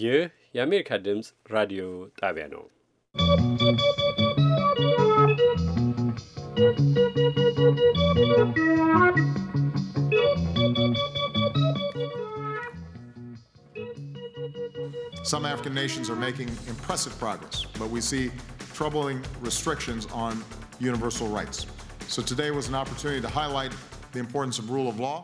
ይህ የአሜሪካ ድምፅ ራዲዮ ጣቢያ ነው። Some African nations are making impressive progress, but we see troubling restrictions on universal rights. So today was an opportunity to highlight the importance of rule of law.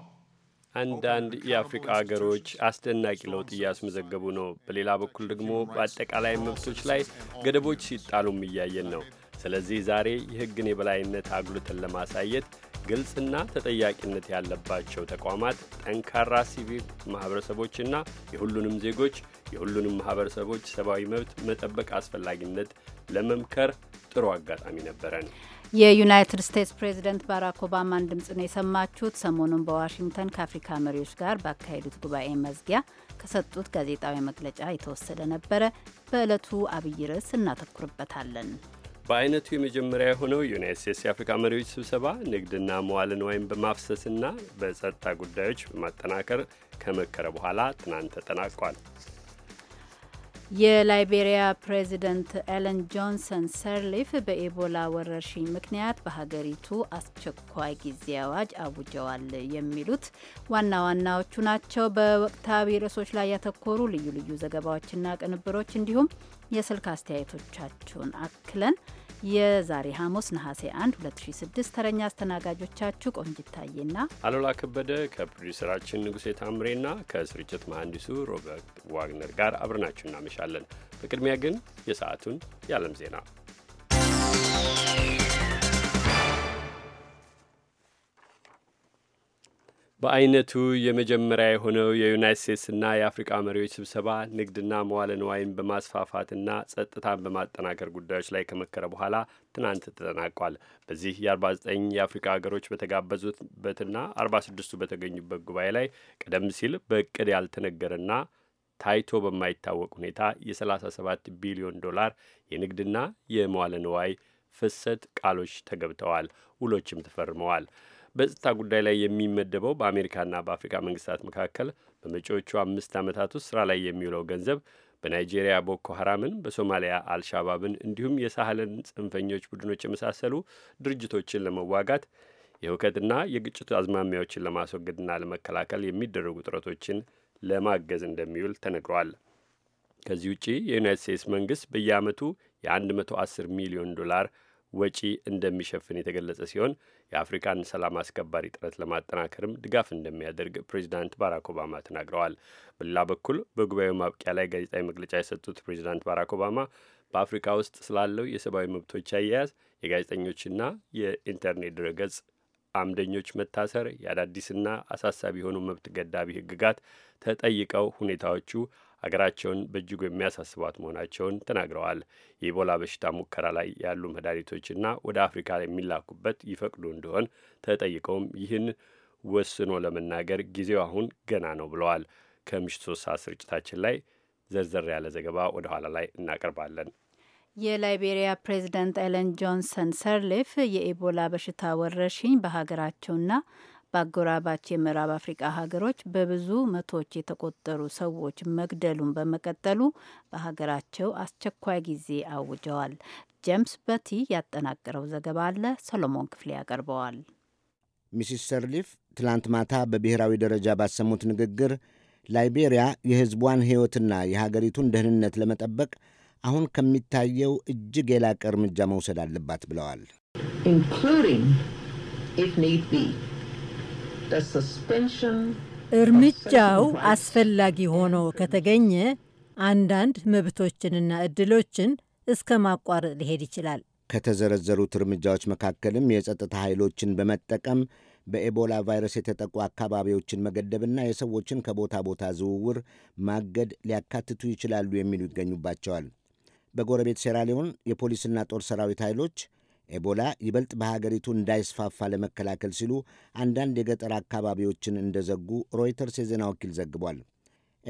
አንዳንድ የአፍሪቃ ሀገሮች አስደናቂ ለውጥ እያስመዘገቡ ነው። በሌላ በኩል ደግሞ በአጠቃላይ መብቶች ላይ ገደቦች ሲጣሉም እያየን ነው። ስለዚህ ዛሬ የሕግን የበላይነት አጉልተን ለማሳየት ግልጽና ተጠያቂነት ያለባቸው ተቋማት፣ ጠንካራ ሲቪል ማኅበረሰቦችና የሁሉንም ዜጎች የሁሉንም ማኅበረሰቦች ሰብአዊ መብት መጠበቅ አስፈላጊነት ለመምከር ጥሩ አጋጣሚ ነበረን። የዩናይትድ ስቴትስ ፕሬዝደንት ባራክ ኦባማን ድምጽ ነው የሰማችሁት። ሰሞኑን በዋሽንግተን ከአፍሪካ መሪዎች ጋር ባካሄዱት ጉባኤ መዝጊያ ከሰጡት ጋዜጣዊ መግለጫ የተወሰደ ነበረ። በዕለቱ አብይ ርዕስ እናተኩርበታለን። በአይነቱ የመጀመሪያ የሆነው የዩናይት ስቴትስ የአፍሪካ መሪዎች ስብሰባ ንግድና መዋልን ወይም በማፍሰስና በጸጥታ ጉዳዮች በማጠናከር ከመከረ በኋላ ትናንት ተጠናቋል። የላይቤሪያ ፕሬዚደንት ኤለን ጆንሰን ሰርሊፍ በኤቦላ ወረርሽኝ ምክንያት በሀገሪቱ አስቸኳይ ጊዜ አዋጅ አውጀዋል። የሚሉት ዋና ዋናዎቹ ናቸው። በወቅታዊ ርዕሶች ላይ ያተኮሩ ልዩ ልዩ ዘገባዎችና ቅንብሮች እንዲሁም የስልክ አስተያየቶቻችሁን አክለን የዛሬ ሐሙስ ነሐሴ 1 2006 ተረኛ አስተናጋጆቻችሁ ቆንጅ ታየና አሉላ ከበደ ከፕሮዲሰራችን ንጉሴ ታምሬና ከስርጭት መሐንዲሱ ሮበርት ዋግነር ጋር አብረናችሁ እናመሻለን። በቅድሚያ ግን የሰዓቱን የዓለም ዜና በአይነቱ የመጀመሪያ የሆነው የዩናይት ስቴትስና የአፍሪቃ መሪዎች ስብሰባ ንግድና መዋለ ንዋይን በማስፋፋትና ጸጥታን በማጠናከር ጉዳዮች ላይ ከመከረ በኋላ ትናንት ተጠናቋል። በዚህ የ49 የአፍሪካ ሀገሮች በተጋበዙበትና 46ቱ በተገኙበት ጉባኤ ላይ ቀደም ሲል በእቅድ ያልተነገረና ታይቶ በማይታወቅ ሁኔታ የ37 ቢሊዮን ዶላር የንግድና የመዋለ ንዋይ ፍሰት ቃሎች ተገብተዋል፣ ውሎችም ተፈርመዋል። በጸጥታ ጉዳይ ላይ የሚመደበው በአሜሪካና በአፍሪካ መንግስታት መካከል በመጪዎቹ አምስት ዓመታት ውስጥ ስራ ላይ የሚውለው ገንዘብ በናይጄሪያ ቦኮ ሀራምን በሶማሊያ አልሻባብን እንዲሁም የሳህልን ጽንፈኞች ቡድኖች የመሳሰሉ ድርጅቶችን ለመዋጋት የእውከትና የግጭቱ አዝማሚያዎችን ለማስወገድና ለመከላከል የሚደረጉ ጥረቶችን ለማገዝ እንደሚውል ተነግሯል። ከዚህ ውጪ የዩናይት ስቴትስ መንግስት በየአመቱ የ110 ሚሊዮን ዶላር ወጪ እንደሚሸፍን የተገለጸ ሲሆን የአፍሪካን ሰላም አስከባሪ ጥረት ለማጠናከርም ድጋፍ እንደሚያደርግ ፕሬዚዳንት ባራክ ኦባማ ተናግረዋል። በሌላ በኩል በጉባኤው ማብቂያ ላይ ጋዜጣዊ መግለጫ የሰጡት ፕሬዚዳንት ባራክ ኦባማ በአፍሪካ ውስጥ ስላለው የሰብአዊ መብቶች አያያዝ፣ የጋዜጠኞችና የኢንተርኔት ድረገጽ አምደኞች መታሰር፣ የአዳዲስና አሳሳቢ የሆኑ መብት ገዳቢ ህግጋት ተጠይቀው ሁኔታዎቹ ሀገራቸውን በእጅጉ የሚያሳስቧት መሆናቸውን ተናግረዋል። የኢቦላ በሽታ ሙከራ ላይ ያሉ መድኃኒቶችና ወደ አፍሪካ የሚላኩበት ይፈቅዱ እንደሆን ተጠይቀውም ይህን ወስኖ ለመናገር ጊዜው አሁን ገና ነው ብለዋል። ከምሽቱ ሶስት ሰዓት ስርጭታችን ላይ ዘርዘር ያለ ዘገባ ወደ ኋላ ላይ እናቀርባለን። የላይቤሪያ ፕሬዚደንት ኤለን ጆንሰን ሰርሊፍ የኢቦላ በሽታ ወረርሽኝ በሀገራቸውና በአጎራባች የምዕራብ አፍሪቃ ሀገሮች በብዙ መቶዎች የተቆጠሩ ሰዎች መግደሉን በመቀጠሉ በሀገራቸው አስቸኳይ ጊዜ አውጀዋል። ጄምስ በቲ ያጠናቀረው ዘገባ አለ፣ ሰሎሞን ክፍሌ ያቀርበዋል። ሚስስ ሰርሊፍ ትላንት ማታ በብሔራዊ ደረጃ ባሰሙት ንግግር ላይቤሪያ የሕዝቧን ሕይወትና የሀገሪቱን ደህንነት ለመጠበቅ አሁን ከሚታየው እጅግ የላቀ እርምጃ መውሰድ አለባት ብለዋል። እርምጃው አስፈላጊ ሆኖ ከተገኘ አንዳንድ መብቶችንና እድሎችን እስከ ማቋረጥ ሊሄድ ይችላል። ከተዘረዘሩት እርምጃዎች መካከልም የጸጥታ ኃይሎችን በመጠቀም በኤቦላ ቫይረስ የተጠቁ አካባቢዎችን መገደብና የሰዎችን ከቦታ ቦታ ዝውውር ማገድ ሊያካትቱ ይችላሉ የሚሉ ይገኙባቸዋል። በጎረቤት ሴራሊዮን የፖሊስና ጦር ሰራዊት ኃይሎች ኤቦላ ይበልጥ በሀገሪቱ እንዳይስፋፋ ለመከላከል ሲሉ አንዳንድ የገጠር አካባቢዎችን እንደዘጉ ሮይተርስ የዜና ወኪል ዘግቧል።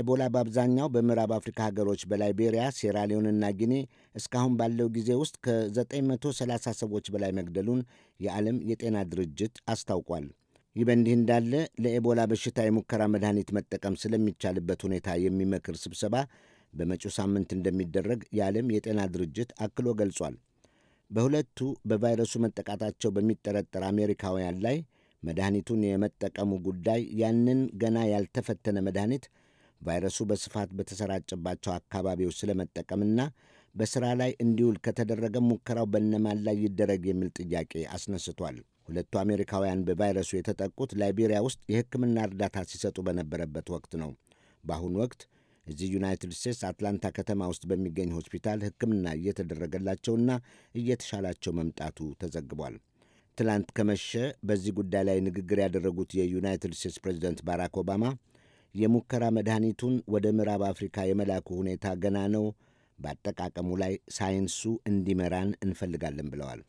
ኤቦላ በአብዛኛው በምዕራብ አፍሪካ ሀገሮች በላይቤሪያ፣ ሴራሊዮንና ጊኔ እስካሁን ባለው ጊዜ ውስጥ ከ930 ሰዎች በላይ መግደሉን የዓለም የጤና ድርጅት አስታውቋል። ይህ በእንዲህ እንዳለ ለኤቦላ በሽታ የሙከራ መድኃኒት መጠቀም ስለሚቻልበት ሁኔታ የሚመክር ስብሰባ በመጪው ሳምንት እንደሚደረግ የዓለም የጤና ድርጅት አክሎ ገልጿል። በሁለቱ በቫይረሱ መጠቃታቸው በሚጠረጠር አሜሪካውያን ላይ መድኃኒቱን የመጠቀሙ ጉዳይ ያንን ገና ያልተፈተነ መድኃኒት ቫይረሱ በስፋት በተሰራጨባቸው አካባቢዎች ስለመጠቀምና በሥራ ላይ እንዲውል ከተደረገ ሙከራው በነማን ላይ ይደረግ የሚል ጥያቄ አስነስቷል። ሁለቱ አሜሪካውያን በቫይረሱ የተጠቁት ላይቤሪያ ውስጥ የሕክምና እርዳታ ሲሰጡ በነበረበት ወቅት ነው። በአሁኑ ወቅት እዚህ ዩናይትድ ስቴትስ አትላንታ ከተማ ውስጥ በሚገኝ ሆስፒታል ሕክምና እየተደረገላቸውና እየተሻላቸው መምጣቱ ተዘግቧል። ትላንት ከመሸ በዚህ ጉዳይ ላይ ንግግር ያደረጉት የዩናይትድ ስቴትስ ፕሬዚደንት ባራክ ኦባማ የሙከራ መድኃኒቱን ወደ ምዕራብ አፍሪካ የመላኩ ሁኔታ ገና ነው፣ በአጠቃቀሙ ላይ ሳይንሱ እንዲመራን እንፈልጋለን ብለዋል።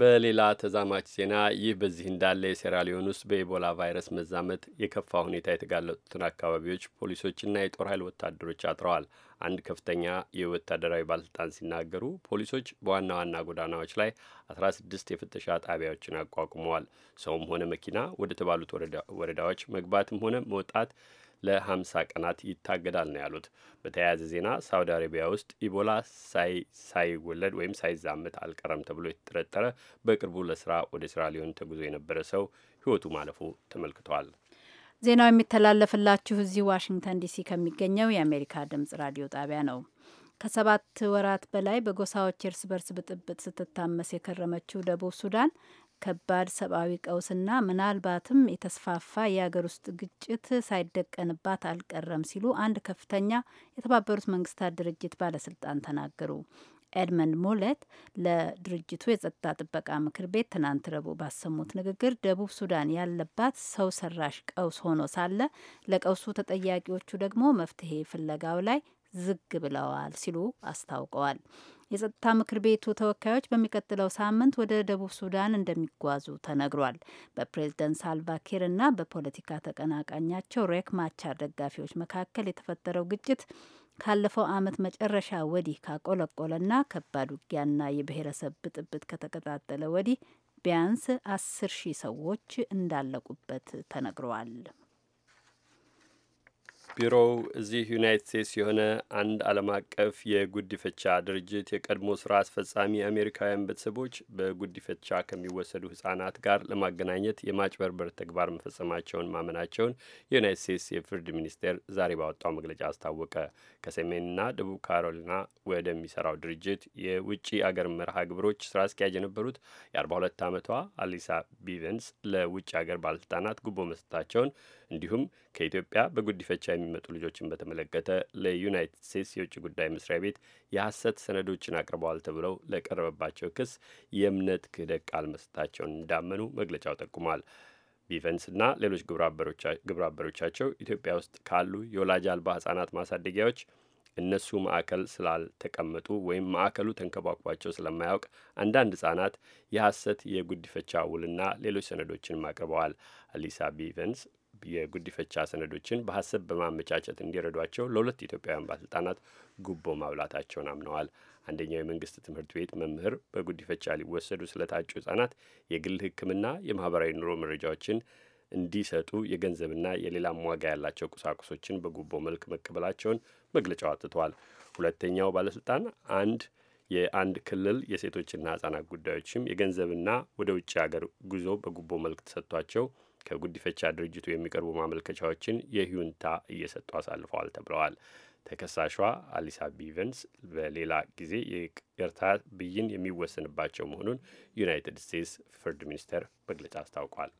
በሌላ ተዛማች ዜና ይህ በዚህ እንዳለ የሴራሊዮን ውስጥ በኢቦላ ቫይረስ መዛመት የከፋ ሁኔታ የተጋለጡትን አካባቢዎች ፖሊሶችና የጦር ኃይል ወታደሮች አጥረዋል። አንድ ከፍተኛ የወታደራዊ ባለስልጣን ሲናገሩ ፖሊሶች በዋና ዋና ጎዳናዎች ላይ 16 የፍተሻ ጣቢያዎችን አቋቁመዋል። ሰውም ሆነ መኪና ወደ ተባሉት ወረዳዎች መግባትም ሆነ መውጣት ለ50 ቀናት ይታገዳል ነው ያሉት። በተያያዘ ዜና ሳውዲ አረቢያ ውስጥ ኢቦላ ሳይወለድ ወይም ሳይዛመት አልቀረም ተብሎ የተጠረጠረ በቅርቡ ለስራ ወደ ስራ ሊሆን ተጉዞ የነበረ ሰው ህይወቱ ማለፉ ተመልክቷል። ዜናው የሚተላለፍላችሁ እዚህ ዋሽንግተን ዲሲ ከሚገኘው የአሜሪካ ድምጽ ራዲዮ ጣቢያ ነው። ከሰባት ወራት በላይ በጎሳዎች እርስ በርስ ብጥብጥ ስትታመስ የከረመችው ደቡብ ሱዳን ከባድ ሰብአዊ ቀውስና ምናልባትም የተስፋፋ የሀገር ውስጥ ግጭት ሳይደቀንባት አልቀረም ሲሉ አንድ ከፍተኛ የተባበሩት መንግስታት ድርጅት ባለስልጣን ተናገሩ። ኤድመንድ ሞለት ለድርጅቱ የጸጥታ ጥበቃ ምክር ቤት ትናንት ረቡዕ ባሰሙት ንግግር ደቡብ ሱዳን ያለባት ሰው ሰራሽ ቀውስ ሆኖ ሳለ ለቀውሱ ተጠያቂዎቹ ደግሞ መፍትሄ ፍለጋው ላይ ዝግ ብለዋል ሲሉ አስታውቀዋል። የጸጥታ ምክር ቤቱ ተወካዮች በሚቀጥለው ሳምንት ወደ ደቡብ ሱዳን እንደሚጓዙ ተነግሯል። በፕሬዝደንት ሳልቫኪር እና በፖለቲካ ተቀናቃኛቸው ሬክ ማቻር ደጋፊዎች መካከል የተፈጠረው ግጭት ካለፈው ዓመት መጨረሻ ወዲህ ካቆለቆለና ከባድ ውጊያና የብሔረሰብ ብጥብጥ ከተቀጣጠለ ወዲህ ቢያንስ አስር ሺህ ሰዎች እንዳለቁበት ተነግረዋል። ቢሮው እዚህ ዩናይት ስቴትስ የሆነ አንድ ዓለም አቀፍ የጉዲፈቻ ድርጅት የቀድሞ ስራ አስፈጻሚ አሜሪካውያን ቤተሰቦች በጉዲፈቻ ከሚወሰዱ ህጻናት ጋር ለማገናኘት የማጭበርበር ተግባር መፈጸማቸውን ማመናቸውን የዩናይት ስቴትስ የፍርድ ሚኒስቴር ዛሬ ባወጣው መግለጫ አስታወቀ። ከሰሜንና ደቡብ ካሮሊና ወደሚሰራው ድርጅት የውጭ አገር መርሃ ግብሮች ስራ አስኪያጅ የነበሩት የ42 ዓመቷ አሊሳ ቢቨንስ ለውጭ አገር ባለስልጣናት ጉቦ መስጠታቸውን እንዲሁም ከኢትዮጵያ በጉዲፈቻ የሚመጡ ልጆችን በተመለከተ ለዩናይትድ ስቴትስ የውጭ ጉዳይ መስሪያ ቤት የሐሰት ሰነዶችን አቅርበዋል ተብለው ለቀረበባቸው ክስ የእምነት ክህደት ቃል መስጠታቸውን እንዳመኑ መግለጫው ጠቁሟል። ቢቨንስ እና ሌሎች አበሮቻቸው ኢትዮጵያ ውስጥ ካሉ የወላጅ አልባ ህጻናት ማሳደጊያዎች እነሱ ማዕከል ስላልተቀመጡ ወይም ማዕከሉ ተንከባክቧቸው ስለማያውቅ አንዳንድ ህጻናት የሐሰት የጉዲፈቻ ውልና ሌሎች ሰነዶችንም አቅርበዋል። አሊሳ ቢቨንስ የጉዲፈቻ ሰነዶችን በሀሰብ በማመቻቸት እንዲረዷቸው ለሁለት ኢትዮጵያውያን ባለስልጣናት ጉቦ ማብላታቸውን አምነዋል። አንደኛው የመንግስት ትምህርት ቤት መምህር በጉዲፈቻ ሊወሰዱ ስለታጩ ህጻናት የግል ሕክምና የማህበራዊ ኑሮ መረጃዎችን እንዲሰጡ የገንዘብና የሌላም ዋጋ ያላቸው ቁሳቁሶችን በጉቦ መልክ መቀበላቸውን መግለጫው አትቷል። ሁለተኛው ባለስልጣን አንድ የአንድ ክልል የሴቶችና ህጻናት ጉዳዮችም የገንዘብና ወደ ውጭ ሀገር ጉዞ በጉቦ መልክ ተሰጥቷቸው ከጉዲፈቻ ድርጅቱ የሚቀርቡ ማመልከቻዎችን የሂዩንታ እየሰጡ አሳልፈዋል ተብለዋል። ተከሳሿ አሊሳ ቢቨንስ በሌላ ጊዜ ይቅርታ ብይን የሚወሰንባቸው መሆኑን ዩናይትድ ስቴትስ ፍርድ ሚኒስቴር መግለጫ አስታውቋል።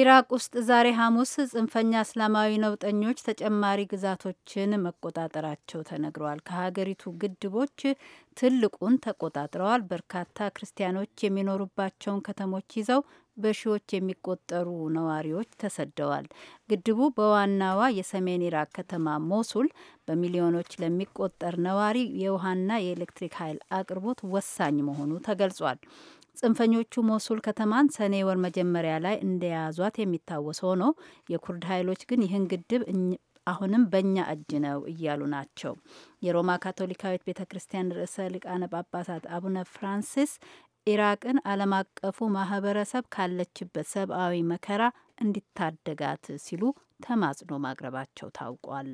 ኢራቅ ውስጥ ዛሬ ሐሙስ ጽንፈኛ እስላማዊ ነውጠኞች ተጨማሪ ግዛቶችን መቆጣጠራቸው ተነግረዋል። ከሀገሪቱ ግድቦች ትልቁን ተቆጣጥረዋል። በርካታ ክርስቲያኖች የሚኖሩባቸውን ከተሞች ይዘው በሺዎች የሚቆጠሩ ነዋሪዎች ተሰደዋል። ግድቡ በዋናዋ የሰሜን ኢራቅ ከተማ ሞሱል በሚሊዮኖች ለሚቆጠር ነዋሪ የውሃና የኤሌክትሪክ ኃይል አቅርቦት ወሳኝ መሆኑ ተገልጿል። ጽንፈኞቹ ሞሱል ከተማን ሰኔ ወር መጀመሪያ ላይ እንደያዟት የሚታወሰው ነው። የኩርድ ኃይሎች ግን ይህን ግድብ አሁንም በእኛ እጅ ነው እያሉ ናቸው። የሮማ ካቶሊካዊት ቤተ ክርስቲያን ርዕሰ ሊቃነ ጳጳሳት አቡነ ፍራንሲስ ኢራቅን ዓለም አቀፉ ማህበረሰብ ካለችበት ሰብአዊ መከራ እንዲታደጋት ሲሉ ተማጽኖ ማቅረባቸው ታውቋል።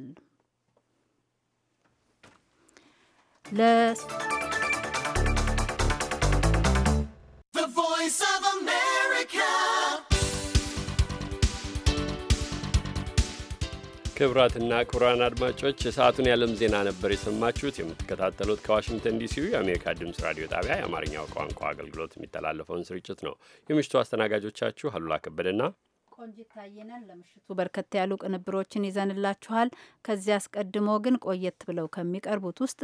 ክቡራትና ክቡራን አድማጮች የሰዓቱን የዓለም ዜና ነበር የሰማችሁት። የምትከታተሉት ከዋሽንግተን ዲሲው የአሜሪካ ድምፅ ራዲዮ ጣቢያ የአማርኛው ቋንቋ አገልግሎት የሚተላለፈውን ስርጭት ነው። የምሽቱ አስተናጋጆቻችሁ አሉላ ከበደና ቆንጂት ታየነን። ለምሽቱ በርከት ያሉ ቅንብሮችን ይዘንላችኋል። ከዚህ አስቀድሞ ግን ቆየት ብለው ከሚቀርቡት ውስጥ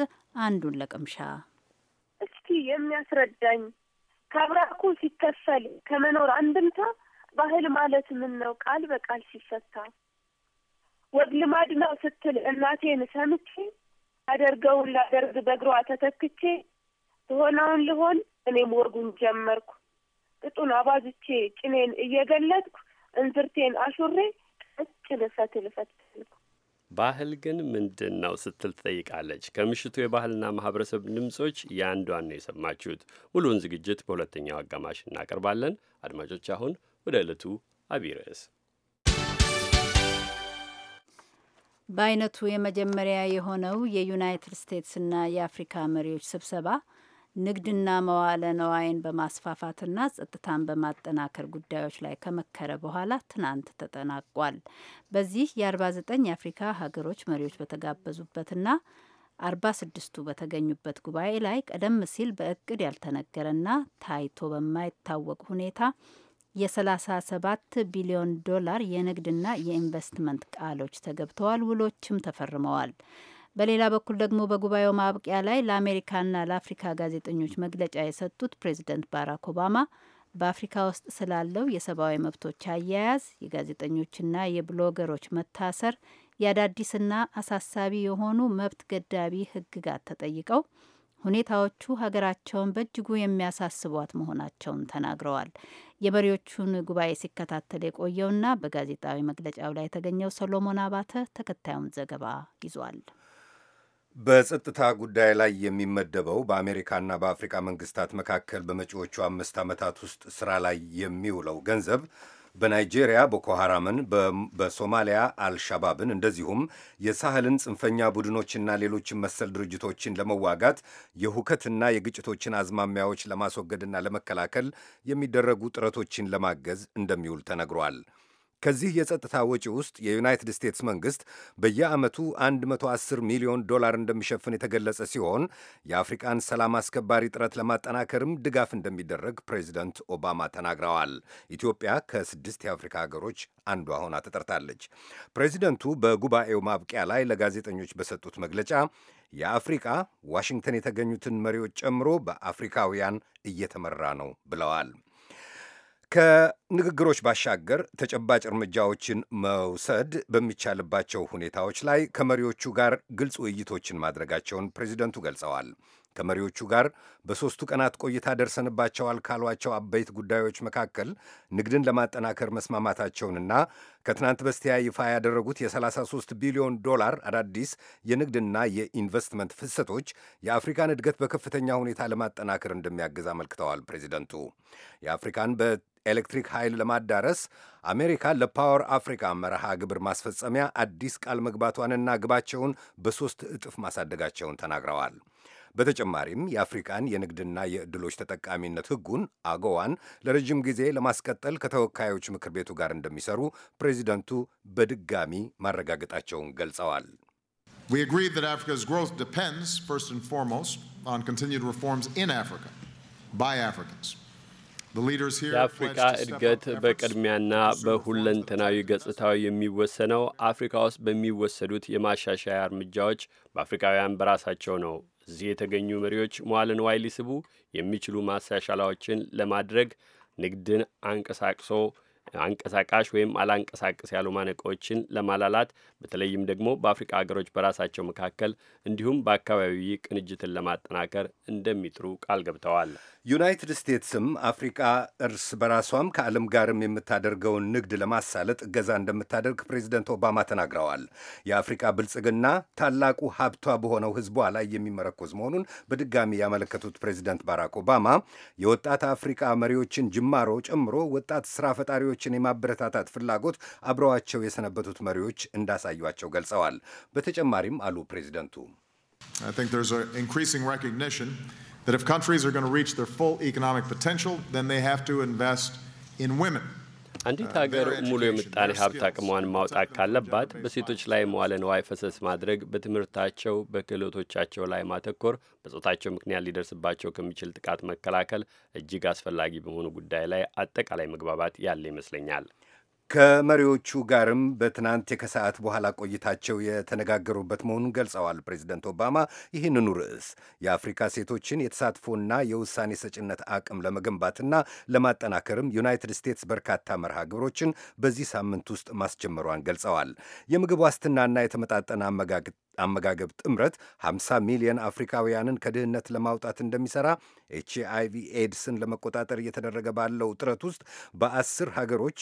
አንዱን ለቅምሻ እስኪ የሚያስረዳኝ ከብራኩ ሲከፈል ከመኖር አንድምታ ባህል ማለት ምን ነው? ቃል በቃል ሲፈታ ወግ ልማድ ነው ስትል እናቴን ሰምቼ አደርገውን ላደርግ በእግሯ ተተክቼ ትሆነውን ልሆን እኔም ወጉን ጀመርኩ። ቅጡን አባዝቼ ጭኔን እየገለጥኩ እንዝርቴን አሹሬ ቀጭን ፈትል ፈትልኩ። ባህል ግን ምንድን ነው ስትል ትጠይቃለች። ከምሽቱ የባህልና ማህበረሰብ ድምጾች የአንዷን ነው የሰማችሁት። ሙሉውን ዝግጅት በሁለተኛው አጋማሽ እናቀርባለን። አድማጮች፣ አሁን ወደ ዕለቱ አቢይ ርዕስ በአይነቱ የመጀመሪያ የሆነው የዩናይትድ ስቴትስና የአፍሪካ መሪዎች ስብሰባ ንግድና መዋለ ነዋይን በማስፋፋትና ጸጥታን በማጠናከር ጉዳዮች ላይ ከመከረ በኋላ ትናንት ተጠናቋል። በዚህ የ49 የአፍሪካ ሀገሮች መሪዎች በተጋበዙበትና አርባ ስድስቱ በተገኙበት ጉባኤ ላይ ቀደም ሲል በእቅድ ያልተነገረና ታይቶ በማይታወቅ ሁኔታ የ37 ቢሊዮን ዶላር የንግድና የኢንቨስትመንት ቃሎች ተገብተዋል። ውሎችም ተፈርመዋል። በሌላ በኩል ደግሞ በጉባኤው ማብቂያ ላይ ለአሜሪካና ለአፍሪካ ጋዜጠኞች መግለጫ የሰጡት ፕሬዚደንት ባራክ ኦባማ በአፍሪካ ውስጥ ስላለው የሰብአዊ መብቶች አያያዝ፣ የጋዜጠኞችና የብሎገሮች መታሰር፣ የአዳዲስና አሳሳቢ የሆኑ መብት ገዳቢ ህግጋት ተጠይቀው ሁኔታዎቹ ሀገራቸውን በእጅጉ የሚያሳስቧት መሆናቸውን ተናግረዋል። የመሪዎቹን ጉባኤ ሲከታተል የቆየውና በጋዜጣዊ መግለጫው ላይ የተገኘው ሰሎሞን አባተ ተከታዩን ዘገባ ይዟል። በጸጥታ ጉዳይ ላይ የሚመደበው በአሜሪካና በአፍሪካ መንግስታት መካከል በመጪዎቹ አምስት ዓመታት ውስጥ ስራ ላይ የሚውለው ገንዘብ በናይጄሪያ ቦኮ ሐራምን፣ በሶማሊያ አልሻባብን፣ እንደዚሁም የሳህልን ጽንፈኛ ቡድኖችና ሌሎችን መሰል ድርጅቶችን ለመዋጋት የሁከትና የግጭቶችን አዝማሚያዎች ለማስወገድና ለመከላከል የሚደረጉ ጥረቶችን ለማገዝ እንደሚውል ተነግሯል። ከዚህ የጸጥታ ወጪ ውስጥ የዩናይትድ ስቴትስ መንግሥት በየዓመቱ 110 ሚሊዮን ዶላር እንደሚሸፍን የተገለጸ ሲሆን የአፍሪቃን ሰላም አስከባሪ ጥረት ለማጠናከርም ድጋፍ እንደሚደረግ ፕሬዚደንት ኦባማ ተናግረዋል። ኢትዮጵያ ከስድስት የአፍሪካ ሀገሮች አንዷ ሆና ተጠርታለች። ፕሬዚደንቱ በጉባኤው ማብቂያ ላይ ለጋዜጠኞች በሰጡት መግለጫ የአፍሪቃ ዋሽንግተን የተገኙትን መሪዎች ጨምሮ በአፍሪካውያን እየተመራ ነው ብለዋል። ከንግግሮች ባሻገር ተጨባጭ እርምጃዎችን መውሰድ በሚቻልባቸው ሁኔታዎች ላይ ከመሪዎቹ ጋር ግልጽ ውይይቶችን ማድረጋቸውን ፕሬዚደንቱ ገልጸዋል። ከመሪዎቹ ጋር በሦስቱ ቀናት ቆይታ ደርሰንባቸዋል ካሏቸው አበይት ጉዳዮች መካከል ንግድን ለማጠናከር መስማማታቸውንና ከትናንት በስቲያ ይፋ ያደረጉት የ33 ቢሊዮን ዶላር አዳዲስ የንግድና የኢንቨስትመንት ፍሰቶች የአፍሪካን እድገት በከፍተኛ ሁኔታ ለማጠናከር እንደሚያግዝ አመልክተዋል። ፕሬዚደንቱ የአፍሪካን ኤሌክትሪክ ኃይል ለማዳረስ አሜሪካ ለፓወር አፍሪካ መርሃ ግብር ማስፈጸሚያ አዲስ ቃል መግባቷንና ግባቸውን በሦስት እጥፍ ማሳደጋቸውን ተናግረዋል። በተጨማሪም የአፍሪካን የንግድና የዕድሎች ተጠቃሚነት ሕጉን አጎዋን ለረጅም ጊዜ ለማስቀጠል ከተወካዮች ምክር ቤቱ ጋር እንደሚሰሩ ፕሬዚደንቱ በድጋሚ ማረጋገጣቸውን ገልጸዋል። We agreed that Africa's growth depends, first and foremost, on continued reforms in Africa by Africans. የአፍሪካ እድገት በቅድሚያና በሁለንተናዊ ገጽታው የሚወሰነው አፍሪካ ውስጥ በሚወሰዱት የማሻሻያ እርምጃዎች በአፍሪካውያን በራሳቸው ነው። እዚህ የተገኙ መሪዎች መዋልን ንዋይ ሊስቡ የሚችሉ ማሻሻላዎችን ለማድረግ ንግድን አንቀሳቅሶ አንቀሳቃሽ ወይም አላንቀሳቅስ ያሉ ማነቆዎችን ለማላላት በተለይም ደግሞ በአፍሪካ ሀገሮች በራሳቸው መካከል እንዲሁም በአካባቢ ቅንጅትን ለማጠናከር እንደሚጥሩ ቃል ገብተዋል። ዩናይትድ ስቴትስም አፍሪቃ እርስ በራሷም ከዓለም ጋርም የምታደርገውን ንግድ ለማሳለጥ እገዛ እንደምታደርግ ፕሬዚደንት ኦባማ ተናግረዋል። የአፍሪቃ ብልጽግና ታላቁ ሀብቷ በሆነው ሕዝቧ ላይ የሚመረኮዝ መሆኑን በድጋሚ ያመለከቱት ፕሬዚደንት ባራክ ኦባማ የወጣት አፍሪቃ መሪዎችን ጅማሮ ጨምሮ ወጣት ስራ ፈጣሪዎችን የማበረታታት ፍላጎት አብረዋቸው የሰነበቱት መሪዎች እንዳሳዩቸው ገልጸዋል። በተጨማሪም አሉ ፕሬዚደንቱ that if countries are going to reach their full economic potential, then they have to invest in women. አንዲት uh, ሀገር ሙሉ የምጣኔ ሀብት አቅሟን ማውጣት ካለባት በሴቶች ላይ መዋለ ንዋይ ፈሰስ ማድረግ፣ በትምህርታቸው፣ በክህሎቶቻቸው ላይ ማተኮር፣ በጾታቸው ምክንያት ሊደርስባቸው ከሚችል ጥቃት መከላከል እጅግ አስፈላጊ በሆኑ ጉዳይ ላይ አጠቃላይ መግባባት ያለ ይመስለኛል። ከመሪዎቹ ጋርም በትናንት ከሰዓት በኋላ ቆይታቸው የተነጋገሩበት መሆኑን ገልጸዋል። ፕሬዚደንት ኦባማ ይህንኑ ርዕስ የአፍሪካ ሴቶችን የተሳትፎና የውሳኔ ሰጭነት አቅም ለመገንባትና ለማጠናከርም ዩናይትድ ስቴትስ በርካታ መርሃ ግብሮችን በዚህ ሳምንት ውስጥ ማስጀመሯን ገልጸዋል። የምግብ ዋስትናና የተመጣጠነ አመጋገብ አመጋገብ ጥምረት 50 ሚሊዮን አፍሪካውያንን ከድህነት ለማውጣት እንደሚሰራ ኤች ኤድስን ለመቆጣጠር እየተደረገ ባለው ጥረት ውስጥ በአስር ሀገሮች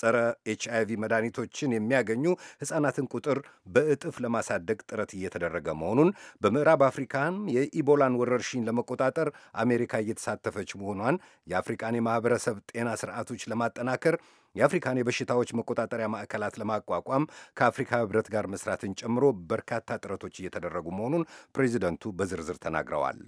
ጸረ ኤች አይቪ መድኃኒቶችን የሚያገኙ ሕፃናትን ቁጥር በእጥፍ ለማሳደግ ጥረት እየተደረገ መሆኑን በምዕራብ አፍሪካም የኢቦላን ወረርሽኝ ለመቆጣጠር አሜሪካ እየተሳተፈች መሆኗን የአፍሪካን የማኅበረሰብ ጤና ስርዓቶች ለማጠናከር የአፍሪካን የበሽታዎች መቆጣጠሪያ ማዕከላት ለማቋቋም ከአፍሪካ ህብረት ጋር መስራትን ጨምሮ በርካታ ጥረቶች እየተደረጉ መሆኑን ፕሬዚደንቱ በዝርዝር ተናግረዋል።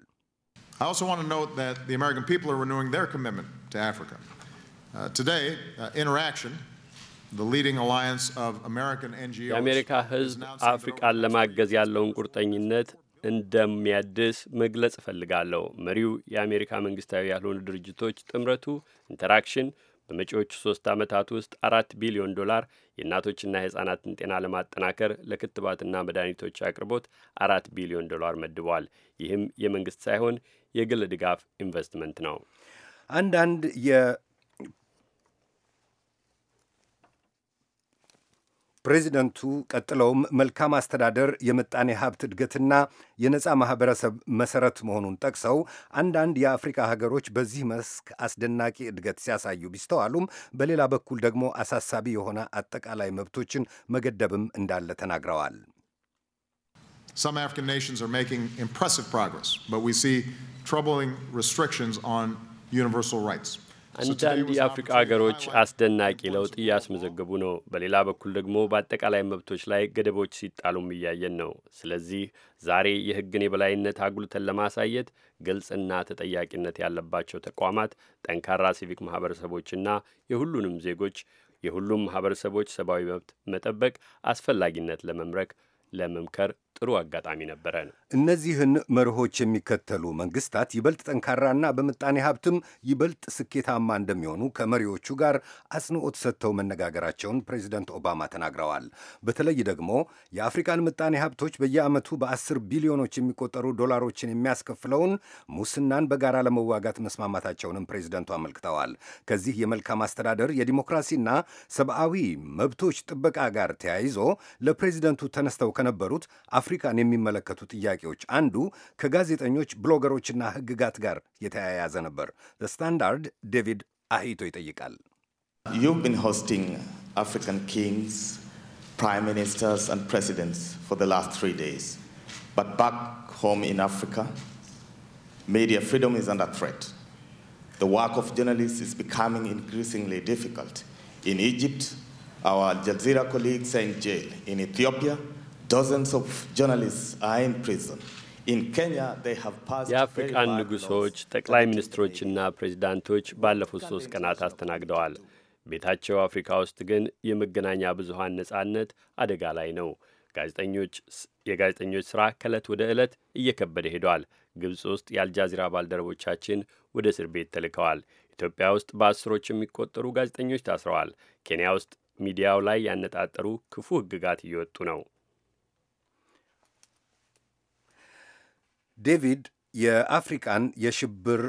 የአሜሪካ ሕዝብ አፍሪቃን ለማገዝ ያለውን ቁርጠኝነት እንደሚያድስ መግለጽ እፈልጋለሁ። መሪው የአሜሪካ መንግስታዊ ያልሆኑ ድርጅቶች ጥምረቱ ኢንተራክሽን በመጪዎቹ ሶስት ዓመታት ውስጥ አራት ቢሊዮን ዶላር የእናቶችና የሕፃናትን ጤና ለማጠናከር ለክትባትና መድኃኒቶች አቅርቦት አራት ቢሊዮን ዶላር መድቧል። ይህም የመንግስት ሳይሆን የግል ድጋፍ ኢንቨስትመንት ነው። አንዳንድ ፕሬዚደንቱ ቀጥለውም መልካም አስተዳደር የምጣኔ ሀብት እድገትና የነፃ ማህበረሰብ መሰረት መሆኑን ጠቅሰው አንዳንድ የአፍሪካ ሀገሮች በዚህ መስክ አስደናቂ እድገት ሲያሳዩ ቢስተዋሉም በሌላ በኩል ደግሞ አሳሳቢ የሆነ አጠቃላይ መብቶችን መገደብም እንዳለ ተናግረዋል። Some African nations are making impressive progress, but we see troubling restrictions on universal rights. አንዳንድ የአፍሪቃ ሀገሮች አስደናቂ ለውጥ እያስመዘገቡ ነው። በሌላ በኩል ደግሞ በአጠቃላይ መብቶች ላይ ገደቦች ሲጣሉም እያየን ነው። ስለዚህ ዛሬ የሕግን የበላይነት አጉልተን ለማሳየት ግልጽና ተጠያቂነት ያለባቸው ተቋማት፣ ጠንካራ ሲቪክ ማህበረሰቦችና የሁሉንም ዜጎች የሁሉም ማህበረሰቦች ሰብአዊ መብት መጠበቅ አስፈላጊነት ለመምረክ ለመምከር ጥሩ አጋጣሚ ነበረ ነው። እነዚህን መርሆች የሚከተሉ መንግስታት ይበልጥ ጠንካራና በምጣኔ ሀብትም ይበልጥ ስኬታማ እንደሚሆኑ ከመሪዎቹ ጋር አጽንኦት ሰጥተው መነጋገራቸውን ፕሬዚደንት ኦባማ ተናግረዋል። በተለይ ደግሞ የአፍሪካን ምጣኔ ሀብቶች በየዓመቱ በአስር ቢሊዮኖች የሚቆጠሩ ዶላሮችን የሚያስከፍለውን ሙስናን በጋራ ለመዋጋት መስማማታቸውንም ፕሬዚደንቱ አመልክተዋል። ከዚህ የመልካም አስተዳደር የዲሞክራሲና ሰብአዊ መብቶች ጥበቃ ጋር ተያይዞ ለፕሬዚደንቱ ተነስተው ከነበሩት አፍሪካን የሚመለከቱ ጥያቄዎች አንዱ ከጋዜጠኞች ብሎገሮችና ሕግጋት ጋር የተያያዘ ነበር። ስታንዳርድ ዴቪድ አሂቶ ይጠይቃል። Media freedom is under threat. The work of journalists is becoming increasingly difficult. In Egypt, our Al Jazeera colleagues are in jail. In Ethiopia, የአፍሪቃን ንጉሶች ጠቅላይ ሚኒስትሮችና ፕሬዚዳንቶች ባለፉት ሶስት ቀናት አስተናግደዋል። ቤታቸው አፍሪካ ውስጥ ግን የመገናኛ ብዙሀን ነጻነት አደጋ ላይ ነው። ጋዜጠኞች የጋዜጠኞች ሥራ ከእለት ወደ ዕለት እየከበደ ሄዷል። ግብፅ ውስጥ የአልጃዚራ ባልደረቦቻችን ወደ እስር ቤት ተልከዋል። ኢትዮጵያ ውስጥ በአስሮች የሚቆጠሩ ጋዜጠኞች ታስረዋል። ኬንያ ውስጥ ሚዲያው ላይ ያነጣጠሩ ክፉ ሕግጋት እየወጡ ነው። ዴቪድ የአፍሪቃን የሽብር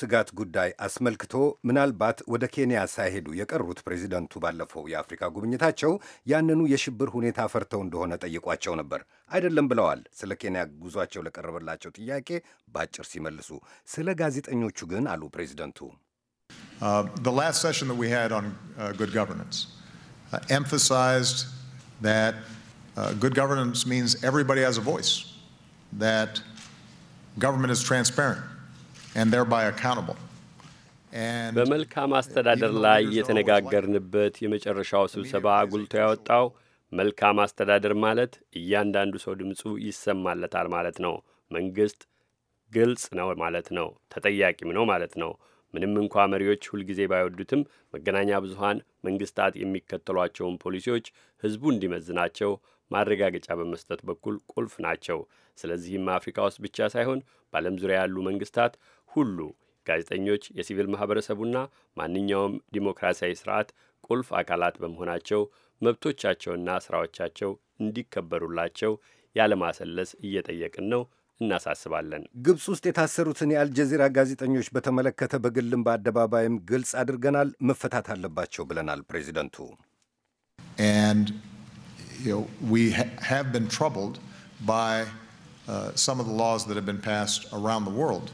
ስጋት ጉዳይ አስመልክቶ ምናልባት ወደ ኬንያ ሳይሄዱ የቀሩት ፕሬዚደንቱ ባለፈው የአፍሪካ ጉብኝታቸው ያንኑ የሽብር ሁኔታ ፈርተው እንደሆነ ጠይቋቸው ነበር። አይደለም ብለዋል። ስለ ኬንያ ጉዟቸው ለቀረበላቸው ጥያቄ በአጭር ሲመልሱ፣ ስለ ጋዜጠኞቹ ግን አሉ ፕሬዚደንቱ ላስት uh, government is transparent and thereby accountable. በመልካም አስተዳደር ላይ የተነጋገርንበት የመጨረሻው ስብሰባ አጉልቶ ያወጣው መልካም አስተዳደር ማለት እያንዳንዱ ሰው ድምፁ ይሰማለታል ማለት ነው። መንግስት ግልጽ ነው ማለት ነው። ተጠያቂም ነው ማለት ነው። ምንም እንኳ መሪዎች ሁልጊዜ ባይወዱትም መገናኛ ብዙሀን መንግስታት የሚከተሏቸውን ፖሊሲዎች ህዝቡ እንዲመዝናቸው ማረጋገጫ በመስጠት በኩል ቁልፍ ናቸው። ስለዚህም አፍሪካ ውስጥ ብቻ ሳይሆን በዓለም ዙሪያ ያሉ መንግስታት ሁሉ ጋዜጠኞች፣ የሲቪል ማህበረሰቡና ማንኛውም ዲሞክራሲያዊ ስርዓት ቁልፍ አካላት በመሆናቸው መብቶቻቸውና ስራዎቻቸው እንዲከበሩላቸው ያለማሰለስ እየጠየቅን ነው እናሳስባለን። ግብፅ ውስጥ የታሰሩትን የአልጀዚራ ጋዜጠኞች በተመለከተ በግልም በአደባባይም ግልጽ አድርገናል። መፈታት አለባቸው ብለናል ፕሬዚደንቱ you know, we ha have been troubled by uh, some of the laws that have been passed around the world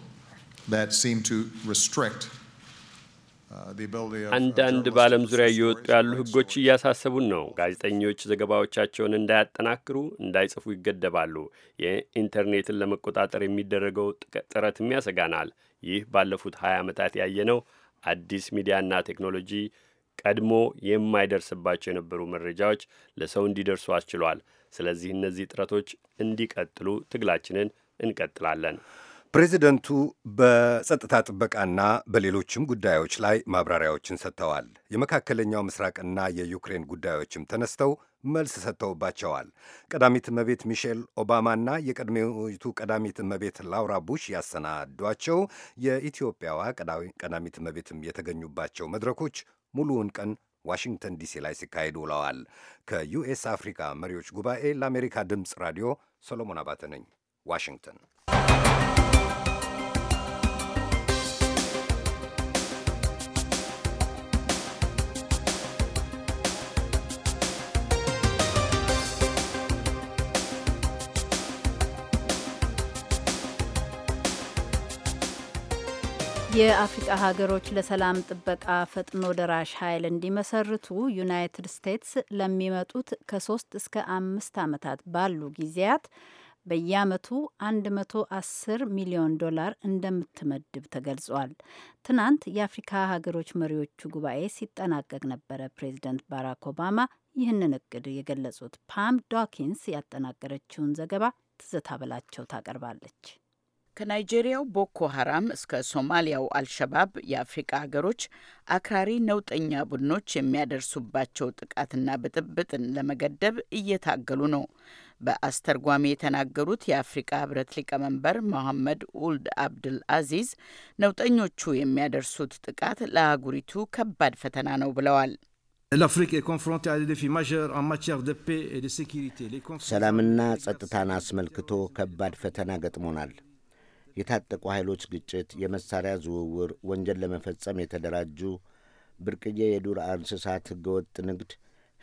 that seem to restrict አንዳንድ በዓለም ዙሪያ እየወጡ ያሉ ሕጎች እያሳሰቡን ነው። ጋዜጠኞች ዘገባዎቻቸውን እንዳያጠናክሩ፣ እንዳይጽፉ ይገደባሉ። የኢንተርኔትን ለመቆጣጠር የሚደረገው ጥረትም ያሰጋናል። ይህ ባለፉት 20 ዓመታት ያየነው አዲስ ሚዲያና ቴክኖሎጂ ቀድሞ የማይደርስባቸው የነበሩ መረጃዎች ለሰው እንዲደርሱ አስችሏል። ስለዚህ እነዚህ ጥረቶች እንዲቀጥሉ ትግላችንን እንቀጥላለን። ፕሬዚደንቱ በጸጥታ ጥበቃና በሌሎችም ጉዳዮች ላይ ማብራሪያዎችን ሰጥተዋል። የመካከለኛው ምስራቅና የዩክሬን ጉዳዮችም ተነስተው መልስ ሰጥተውባቸዋል። ቀዳሚት እመቤት ሚሼል ኦባማና የቀድሞይቱ ቀዳሚት እመቤት ላውራ ቡሽ ያሰናዷቸው የኢትዮጵያዋ ቀዳሚት እመቤትም የተገኙባቸው መድረኮች ሙሉውን ቀን ዋሽንግተን ዲሲ ላይ ሲካሄድ ውለዋል። ከዩኤስ አፍሪካ መሪዎች ጉባኤ ለአሜሪካ ድምፅ ራዲዮ ሰሎሞን አባተ ነኝ ዋሽንግተን የአፍሪቃ ሀገሮች ለሰላም ጥበቃ ፈጥኖ ደራሽ ኃይል እንዲመሰርቱ ዩናይትድ ስቴትስ ለሚመጡት ከሶስት እስከ አምስት ዓመታት ባሉ ጊዜያት በየአመቱ 110 ሚሊዮን ዶላር እንደምትመድብ ተገልጿል። ትናንት የአፍሪካ ሀገሮች መሪዎቹ ጉባኤ ሲጠናቀቅ ነበረ ፕሬዚደንት ባራክ ኦባማ ይህንን እቅድ የገለጹት። ፓም ዶኪንስ ያጠናቀረችውን ዘገባ ትዝታ በላቸው ታቀርባለች። ከናይጄሪያው ቦኮ ሀራም እስከ ሶማሊያው አልሸባብ የአፍሪቃ ሀገሮች አክራሪ ነውጠኛ ቡድኖች የሚያደርሱባቸው ጥቃትና ብጥብጥን ለመገደብ እየታገሉ ነው። በአስተርጓሚ የተናገሩት የአፍሪቃ ህብረት ሊቀመንበር መሐመድ ኡልድ አብድል አዚዝ ነውጠኞቹ የሚያደርሱት ጥቃት ለአህጉሪቱ ከባድ ፈተና ነው ብለዋል። ሰላምና ጸጥታን አስመልክቶ ከባድ ፈተና ገጥሞናል። የታጠቁ ኃይሎች ግጭት፣ የመሳሪያ ዝውውር፣ ወንጀል ለመፈጸም የተደራጁ ብርቅዬ የዱር እንስሳት ህገወጥ ንግድ፣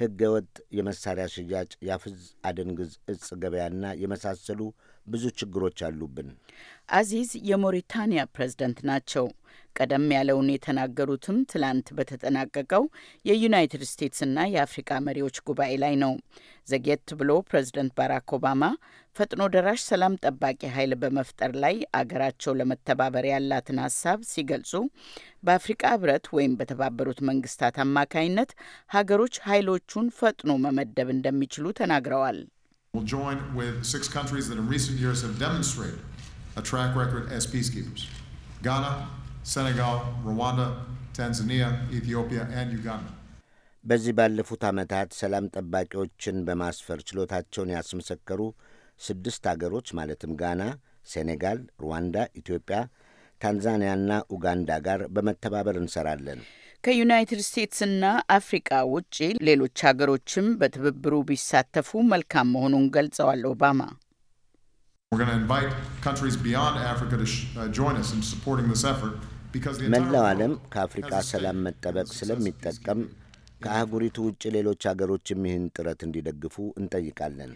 ህገወጥ የመሳሪያ ሽያጭ፣ የአፍዝ አደንግዝ እጽ ገበያና የመሳሰሉ ብዙ ችግሮች አሉብን። አዚዝ የሞሪታንያ ፕሬዝደንት ናቸው። ቀደም ያለውን የተናገሩትም ትላንት በተጠናቀቀው የዩናይትድ ስቴትስና የአፍሪካ መሪዎች ጉባኤ ላይ ነው። ዘግየት ብሎ ፕሬዝደንት ባራክ ኦባማ ፈጥኖ ደራሽ ሰላም ጠባቂ ኃይል በመፍጠር ላይ አገራቸው ለመተባበር ያላትን ሀሳብ ሲገልጹ በአፍሪቃ ህብረት ወይም በተባበሩት መንግስታት አማካይነት ሀገሮች ኃይሎቹን ፈጥኖ መመደብ እንደሚችሉ ተናግረዋል። will join with six countries that in recent years have demonstrated a track record as peacekeepers Ghana, Senegal, Rwanda, Tanzania, Ethiopia, and Uganda. በዚህ ባለፉት ዓመታት ሰላም ጠባቂዎችን በማስፈር ችሎታቸውን ያስመሰከሩ ስድስት አገሮች ማለትም ጋና፣ ሴኔጋል፣ ሩዋንዳ፣ ኢትዮጵያ፣ ታንዛኒያና ኡጋንዳ ጋር በመተባበር እንሰራለን። ከዩናይትድ ስቴትስና አፍሪቃ ውጪ ሌሎች ሀገሮችም በትብብሩ ቢሳተፉ መልካም መሆኑን ገልጸዋል ኦባማ። uh, መላው ዓለም ከአፍሪቃ ሰላም መጠበቅ ስለሚጠቀም ከአህጉሪቱ ውጭ ሌሎች ሀገሮችም ይህን ጥረት እንዲደግፉ እንጠይቃለን።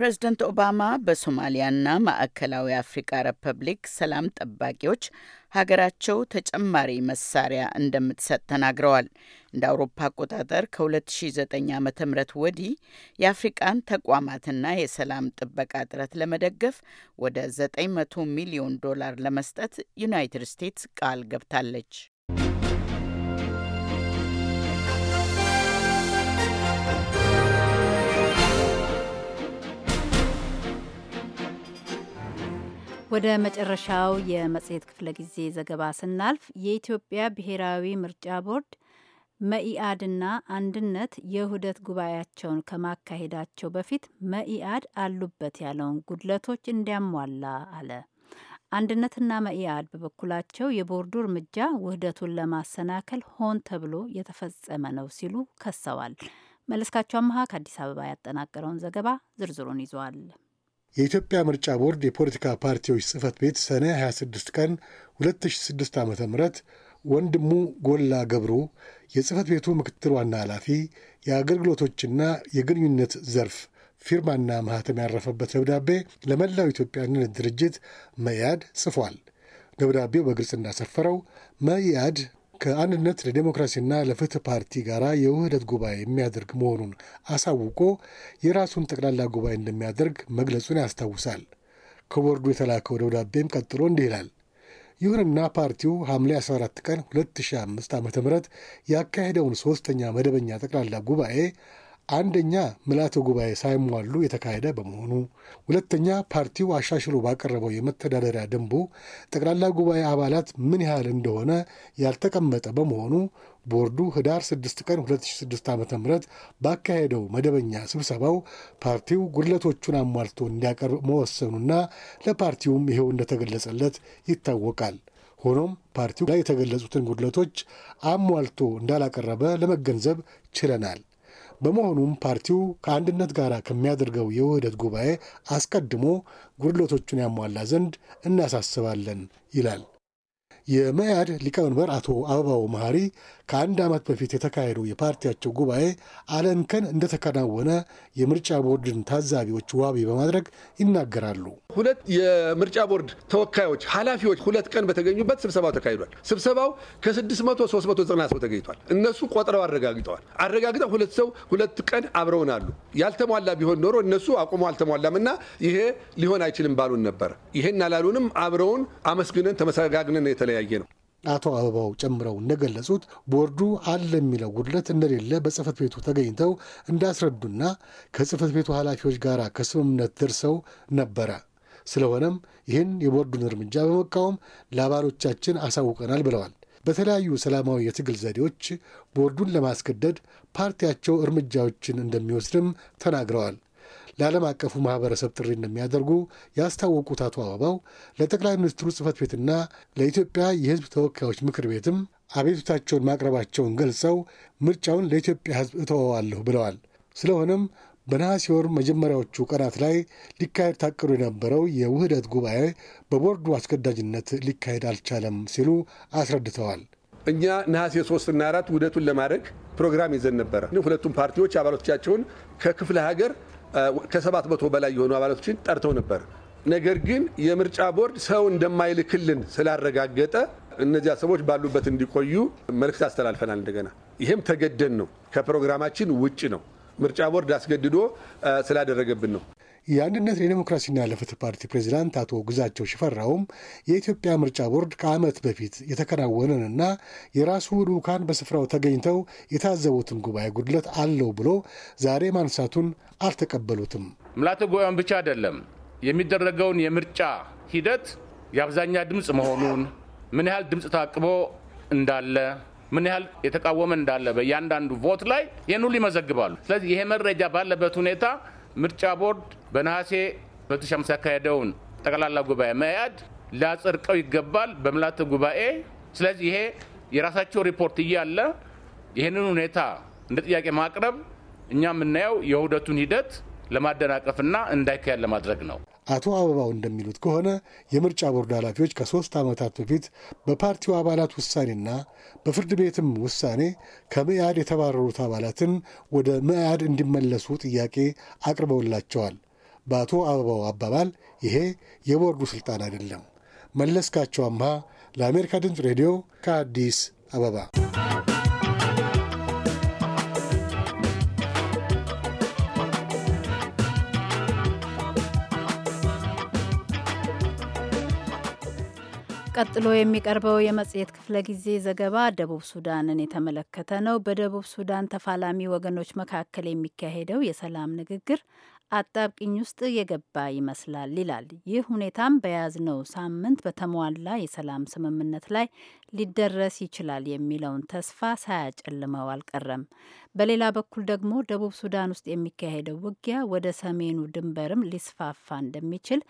ፕሬዝደንት ኦባማ በሶማሊያና ማዕከላዊ አፍሪካ ሪፐብሊክ ሰላም ጠባቂዎች ሀገራቸው ተጨማሪ መሳሪያ እንደምትሰጥ ተናግረዋል። እንደ አውሮፓ አቆጣጠር ከ2009 ዓ ም ወዲህ የአፍሪቃን ተቋማትና የሰላም ጥበቃ ጥረት ለመደገፍ ወደ 900 ሚሊዮን ዶላር ለመስጠት ዩናይትድ ስቴትስ ቃል ገብታለች። ወደ መጨረሻው የመጽሔት ክፍለ ጊዜ ዘገባ ስናልፍ የኢትዮጵያ ብሔራዊ ምርጫ ቦርድ መኢአድና አንድነት የውህደት ጉባኤያቸውን ከማካሄዳቸው በፊት መኢአድ አሉበት ያለውን ጉድለቶች እንዲያሟላ አለ። አንድነትና መኢአድ በበኩላቸው የቦርዱ እርምጃ ውህደቱን ለማሰናከል ሆን ተብሎ የተፈጸመ ነው ሲሉ ከሰዋል። መለስካቸው አመሀ ከአዲስ አበባ ያጠናቀረውን ዘገባ ዝርዝሩን ይዟል። የኢትዮጵያ ምርጫ ቦርድ የፖለቲካ ፓርቲዎች ጽህፈት ቤት ሰኔ 26 ቀን 2006 ዓ ም ወንድሙ ጎላ ገብሩ የጽህፈት ቤቱ ምክትል ዋና ኃላፊ የአገልግሎቶችና የግንኙነት ዘርፍ ፊርማና ማህተም ያረፈበት ደብዳቤ ለመላው ኢትዮጵያ አንድነት ድርጅት መያድ ጽፏል። ደብዳቤው በግልጽ እንዳሰፈረው መያድ ከአንድነት ለዴሞክራሲና ለፍትህ ፓርቲ ጋር የውህደት ጉባኤ የሚያደርግ መሆኑን አሳውቆ የራሱን ጠቅላላ ጉባኤ እንደሚያደርግ መግለጹን ያስታውሳል። ከቦርዱ የተላከው ደብዳቤም ቀጥሎ እንዲህ ይላል። ይሁንና ፓርቲው ሐምሌ 14 ቀን 2005 ዓ ም ያካሄደውን ሦስተኛ መደበኛ ጠቅላላ ጉባኤ አንደኛ ምልዓተ ጉባኤ ሳይሟሉ የተካሄደ በመሆኑ፣ ሁለተኛ ፓርቲው አሻሽሎ ባቀረበው የመተዳደሪያ ደንቡ ጠቅላላ ጉባኤ አባላት ምን ያህል እንደሆነ ያልተቀመጠ በመሆኑ ቦርዱ ህዳር 6 ቀን 2006 ዓ ም ባካሄደው መደበኛ ስብሰባው ፓርቲው ጉድለቶቹን አሟልቶ እንዲያቀርብ መወሰኑና ለፓርቲውም ይኸው እንደተገለጸለት ይታወቃል። ሆኖም ፓርቲው ላይ የተገለጹትን ጉድለቶች አሟልቶ እንዳላቀረበ ለመገንዘብ ችለናል። በመሆኑም ፓርቲው ከአንድነት ጋር ከሚያደርገው የውህደት ጉባኤ አስቀድሞ ጉድለቶቹን ያሟላ ዘንድ እናሳስባለን ይላል የመያድ ሊቀመንበር አቶ አበባው መሐሪ ከአንድ ዓመት በፊት የተካሄደው የፓርቲያቸው ጉባኤ አለንከን እንደተከናወነ የምርጫ ቦርድን ታዛቢዎች ዋቢ በማድረግ ይናገራሉ። ሁለት የምርጫ ቦርድ ተወካዮች ኃላፊዎች ሁለት ቀን በተገኙበት ስብሰባው ተካሂዷል። ስብሰባው ከ600 390 ሰው ተገኝቷል። እነሱ ቆጥረው አረጋግጠዋል። አረጋግጠው ሁለት ሰው ሁለት ቀን አብረውን አሉ። ያልተሟላ ቢሆን ኖሮ እነሱ አቁሞ አልተሟላም እና ይሄ ሊሆን አይችልም ባሉን ነበር። ይሄን አላሉንም። አብረውን አመስግነን ተመሰጋግነን የተለያዩ የተለያየ ነው። አቶ አበባው ጨምረው እንደገለጹት ቦርዱ አለ የሚለው ጉድለት እንደሌለ በጽህፈት ቤቱ ተገኝተው እንዳስረዱና ከጽህፈት ቤቱ ኃላፊዎች ጋር ከስምምነት ደርሰው ነበረ። ስለሆነም ይህን የቦርዱን እርምጃ በመቃወም ለአባሎቻችን አሳውቀናል ብለዋል። በተለያዩ ሰላማዊ የትግል ዘዴዎች ቦርዱን ለማስገደድ ፓርቲያቸው እርምጃዎችን እንደሚወስድም ተናግረዋል። ለዓለም አቀፉ ማህበረሰብ ጥሪ እንደሚያደርጉ ያስታወቁት አቶ አበባው ለጠቅላይ ሚኒስትሩ ጽህፈት ቤትና ለኢትዮጵያ የህዝብ ተወካዮች ምክር ቤትም አቤቱታቸውን ማቅረባቸውን ገልጸው ምርጫውን ለኢትዮጵያ ህዝብ እተወዋለሁ ብለዋል። ስለሆነም በነሐሴ ወር መጀመሪያዎቹ ቀናት ላይ ሊካሄድ ታቅዶ የነበረው የውህደት ጉባኤ በቦርዱ አስገዳጅነት ሊካሄድ አልቻለም ሲሉ አስረድተዋል። እኛ ነሐሴ ሶስትና አራት ውህደቱን ለማድረግ ፕሮግራም ይዘን ነበረ። ሁለቱም ፓርቲዎች አባሎቻቸውን ከክፍለ ሀገር ከሰባት መቶ በላይ የሆኑ አባላቶችን ጠርተው ነበር። ነገር ግን የምርጫ ቦርድ ሰው እንደማይልክልን ስላረጋገጠ እነዚያ ሰዎች ባሉበት እንዲቆዩ መልእክት አስተላልፈናል። እንደገና ይህም ተገደን ነው፣ ከፕሮግራማችን ውጭ ነው፣ ምርጫ ቦርድ አስገድዶ ስላደረገብን ነው። የአንድነት ለዲሞክራሲና ለፍትህ ፓርቲ ፕሬዚዳንት አቶ ግዛቸው ሽፈራውም የኢትዮጵያ ምርጫ ቦርድ ከዓመት በፊት የተከናወነንና የራሱ ልዑካን በስፍራው ተገኝተው የታዘቡትን ጉባኤ ጉድለት አለው ብሎ ዛሬ ማንሳቱን አልተቀበሉትም። ምልዓተ ጉባኤውን ብቻ አይደለም የሚደረገውን የምርጫ ሂደት የአብዛኛ ድምፅ መሆኑን ምን ያህል ድምፅ ታቅቦ እንዳለ ምን ያህል የተቃወመ እንዳለ በእያንዳንዱ ቮት ላይ ይህን ሁሉ ይመዘግባሉ። ስለዚህ ይሄ መረጃ ባለበት ሁኔታ ምርጫ ቦርድ በነሐሴ 2005 ያካሄደውን ጠቅላላ ጉባኤ መያድ ሊያጸድቀው ይገባል በምልዓተ ጉባኤ። ስለዚህ ይሄ የራሳቸው ሪፖርት እያለ ይህንን ሁኔታ እንደ ጥያቄ ማቅረብ እኛ የምናየው የውህደቱን ሂደት ለማደናቀፍና እንዳይካሄድ ለማድረግ ነው። አቶ አበባው እንደሚሉት ከሆነ የምርጫ ቦርድ ኃላፊዎች ከሶስት ዓመታት በፊት በፓርቲው አባላት ውሳኔና በፍርድ ቤትም ውሳኔ ከምዕያድ የተባረሩት አባላትን ወደ ምያድ እንዲመለሱ ጥያቄ አቅርበውላቸዋል። በአቶ አበባው አባባል ይሄ የቦርዱ ሥልጣን አይደለም። መለስካቸው አምሃ ለአሜሪካ ድምፅ ሬዲዮ ከአዲስ አበባ ቀጥሎ የሚቀርበው የመጽሔት ክፍለ ጊዜ ዘገባ ደቡብ ሱዳንን የተመለከተ ነው። በደቡብ ሱዳን ተፋላሚ ወገኖች መካከል የሚካሄደው የሰላም ንግግር አጣብቂኝ ውስጥ የገባ ይመስላል ይላል። ይህ ሁኔታም በያዝነው ሳምንት በተሟላ የሰላም ስምምነት ላይ ሊደረስ ይችላል የሚለውን ተስፋ ሳያጨልመው አልቀረም። በሌላ በኩል ደግሞ ደቡብ ሱዳን ውስጥ የሚካሄደው ውጊያ ወደ ሰሜኑ ድንበርም ሊስፋፋ እንደሚችል፣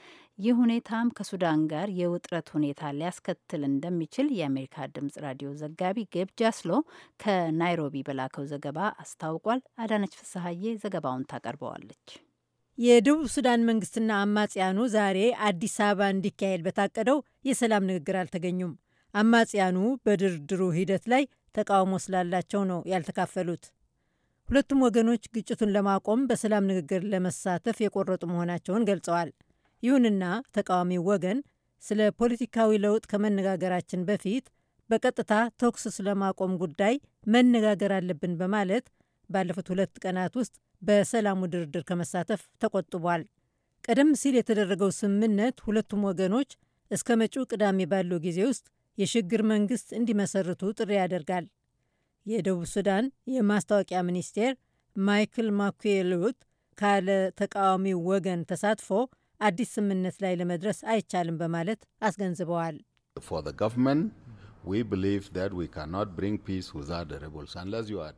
ይህ ሁኔታም ከሱዳን ጋር የውጥረት ሁኔታ ሊያስከትል እንደሚችል የአሜሪካ ድምጽ ራዲዮ ዘጋቢ ጌብ ጃስሎ ከናይሮቢ በላከው ዘገባ አስታውቋል። አዳነች ፍስሀዬ ዘገባውን ታቀርበዋለች። የደቡብ ሱዳን መንግስትና አማጽያኑ ዛሬ አዲስ አበባ እንዲካሄድ በታቀደው የሰላም ንግግር አልተገኙም። አማጽያኑ በድርድሩ ሂደት ላይ ተቃውሞ ስላላቸው ነው ያልተካፈሉት። ሁለቱም ወገኖች ግጭቱን ለማቆም በሰላም ንግግር ለመሳተፍ የቆረጡ መሆናቸውን ገልጸዋል። ይሁንና ተቃዋሚው ወገን ስለ ፖለቲካዊ ለውጥ ከመነጋገራችን በፊት በቀጥታ ተኩስ ስለማቆም ጉዳይ መነጋገር አለብን በማለት ባለፉት ሁለት ቀናት ውስጥ በሰላሙ ድርድር ከመሳተፍ ተቆጥቧል። ቀደም ሲል የተደረገው ስምምነት ሁለቱም ወገኖች እስከ መጪው ቅዳሜ ባለው ጊዜ ውስጥ የሽግግር መንግስት እንዲመሰርቱ ጥሪ ያደርጋል። የደቡብ ሱዳን የማስታወቂያ ሚኒስቴር ማይክል ማኩዌሉት ካለ ተቃዋሚ ወገን ተሳትፎ አዲስ ስምምነት ላይ ለመድረስ አይቻልም በማለት አስገንዝበዋል።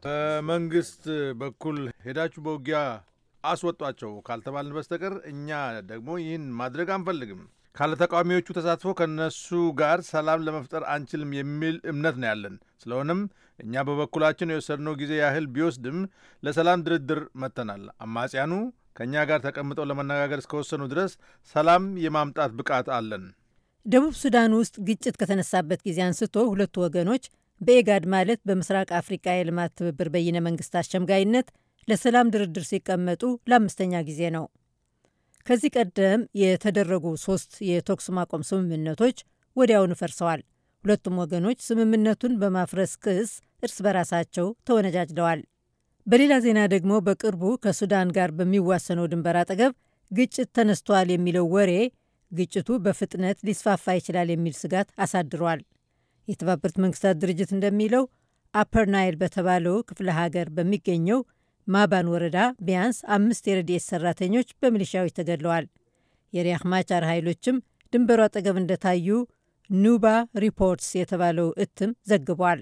በመንግስት eh, በኩል ሄዳችሁ በውጊያ አስወጧቸው ካልተባልን በስተቀር እኛ ደግሞ ይህን ማድረግ አንፈልግም። ካለ ተቃዋሚዎቹ ተሳትፎ ከነሱ ጋር ሰላም ለመፍጠር አንችልም የሚል እምነት ነው ያለን። ስለሆነም እኛ በበኩላችን የወሰድነው ጊዜ ያህል ቢወስድም ለሰላም ድርድር መጥተናል። አማጽያኑ ከእኛ ጋር ተቀምጠው ለመነጋገር እስከወሰኑ ድረስ ሰላም የማምጣት ብቃት አለን። ደቡብ ሱዳን ውስጥ ግጭት ከተነሳበት ጊዜ አንስቶ ሁለቱ ወገኖች በኤጋድ ማለት በምስራቅ አፍሪቃ የልማት ትብብር በይነ መንግስት አሸምጋይነት ለሰላም ድርድር ሲቀመጡ ለአምስተኛ ጊዜ ነው። ከዚህ ቀደም የተደረጉ ሶስት የተኩስ ማቆም ስምምነቶች ወዲያውኑ ፈርሰዋል። ሁለቱም ወገኖች ስምምነቱን በማፍረስ ክስ እርስ በራሳቸው ተወነጃጅለዋል። በሌላ ዜና ደግሞ በቅርቡ ከሱዳን ጋር በሚዋሰነው ድንበር አጠገብ ግጭት ተነስቷል የሚለው ወሬ ግጭቱ በፍጥነት ሊስፋፋ ይችላል የሚል ስጋት አሳድሯል። የተባበሩት መንግስታት ድርጅት እንደሚለው አፐር ናይል በተባለው ክፍለ ሀገር በሚገኘው ማባን ወረዳ ቢያንስ አምስት የረድኤት ሰራተኞች በሚሊሻዎች ተገድለዋል። የሪያክ ማቻር ኃይሎችም ድንበሩ አጠገብ እንደታዩ ኑባ ሪፖርትስ የተባለው እትም ዘግቧል።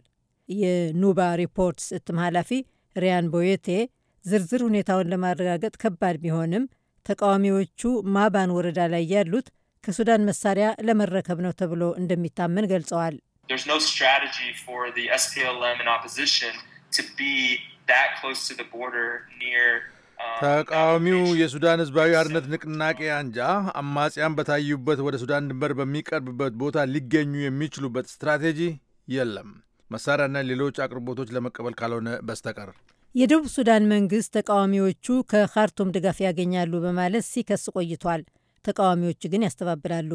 የኑባ ሪፖርትስ እትም ኃላፊ ሪያን ቦዮቴ ዝርዝር ሁኔታውን ለማረጋገጥ ከባድ ቢሆንም ተቃዋሚዎቹ ማባን ወረዳ ላይ ያሉት ከሱዳን መሳሪያ ለመረከብ ነው ተብሎ እንደሚታመን ገልጸዋል። Um, ተቃዋሚው የሱዳን ህዝባዊ አርነት ንቅናቄ አንጃ አማጽያን በታዩበት ወደ ሱዳን ድንበር በሚቀርብበት ቦታ ሊገኙ የሚችሉበት ስትራቴጂ የለም መሳሪያና ሌሎች አቅርቦቶች ለመቀበል ካልሆነ በስተቀር። የደቡብ ሱዳን መንግስት ተቃዋሚዎቹ ከካርቱም ድጋፍ ያገኛሉ በማለት ሲከስ ቆይቷል። ተቃዋሚዎቹ ግን ያስተባብላሉ።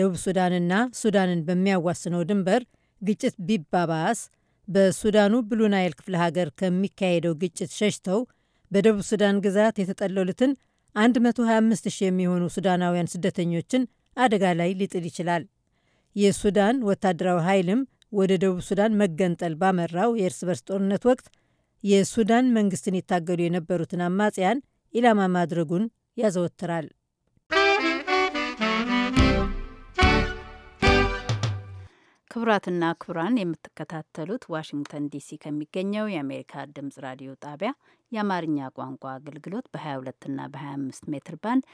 ደቡብ ሱዳንና ሱዳንን በሚያዋስነው ድንበር ግጭት ቢባባስ በሱዳኑ ብሉ ናይል ክፍለ ሀገር ከሚካሄደው ግጭት ሸሽተው በደቡብ ሱዳን ግዛት የተጠለሉትን 125,000 የሚሆኑ ሱዳናውያን ስደተኞችን አደጋ ላይ ሊጥል ይችላል። የሱዳን ወታደራዊ ኃይልም ወደ ደቡብ ሱዳን መገንጠል ባመራው የእርስ በርስ ጦርነት ወቅት የሱዳን መንግስትን ይታገሉ የነበሩትን አማጽያን ኢላማ ማድረጉን ያዘወትራል። ክቡራትና ክቡራን የምትከታተሉት ዋሽንግተን ዲሲ ከሚገኘው የአሜሪካ ድምጽ ራዲዮ ጣቢያ የአማርኛ ቋንቋ አገልግሎት በ22ና በ25 ሜትር ባንድ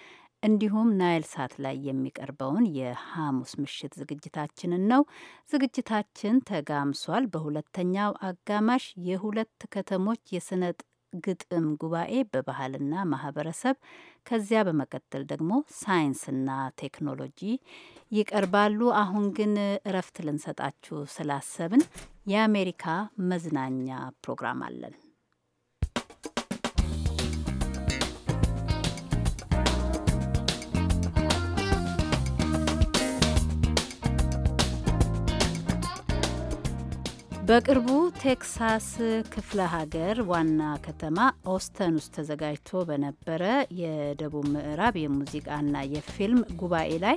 እንዲሁም ናይል ሳት ላይ የሚቀርበውን የሐሙስ ምሽት ዝግጅታችንን ነው። ዝግጅታችን ተጋምሷል። በሁለተኛው አጋማሽ የሁለት ከተሞች የስነ ግጥም ጉባኤ በባህልና ማህበረሰብ፣ ከዚያ በመቀጠል ደግሞ ሳይንስና ቴክኖሎጂ ይቀርባሉ። አሁን ግን እረፍት ልንሰጣችሁ ስላሰብን የአሜሪካ መዝናኛ ፕሮግራም አለን። በቅርቡ ቴክሳስ ክፍለ ሀገር ዋና ከተማ ኦስተን ውስጥ ተዘጋጅቶ በነበረ የደቡብ ምዕራብ የሙዚቃና የፊልም ጉባኤ ላይ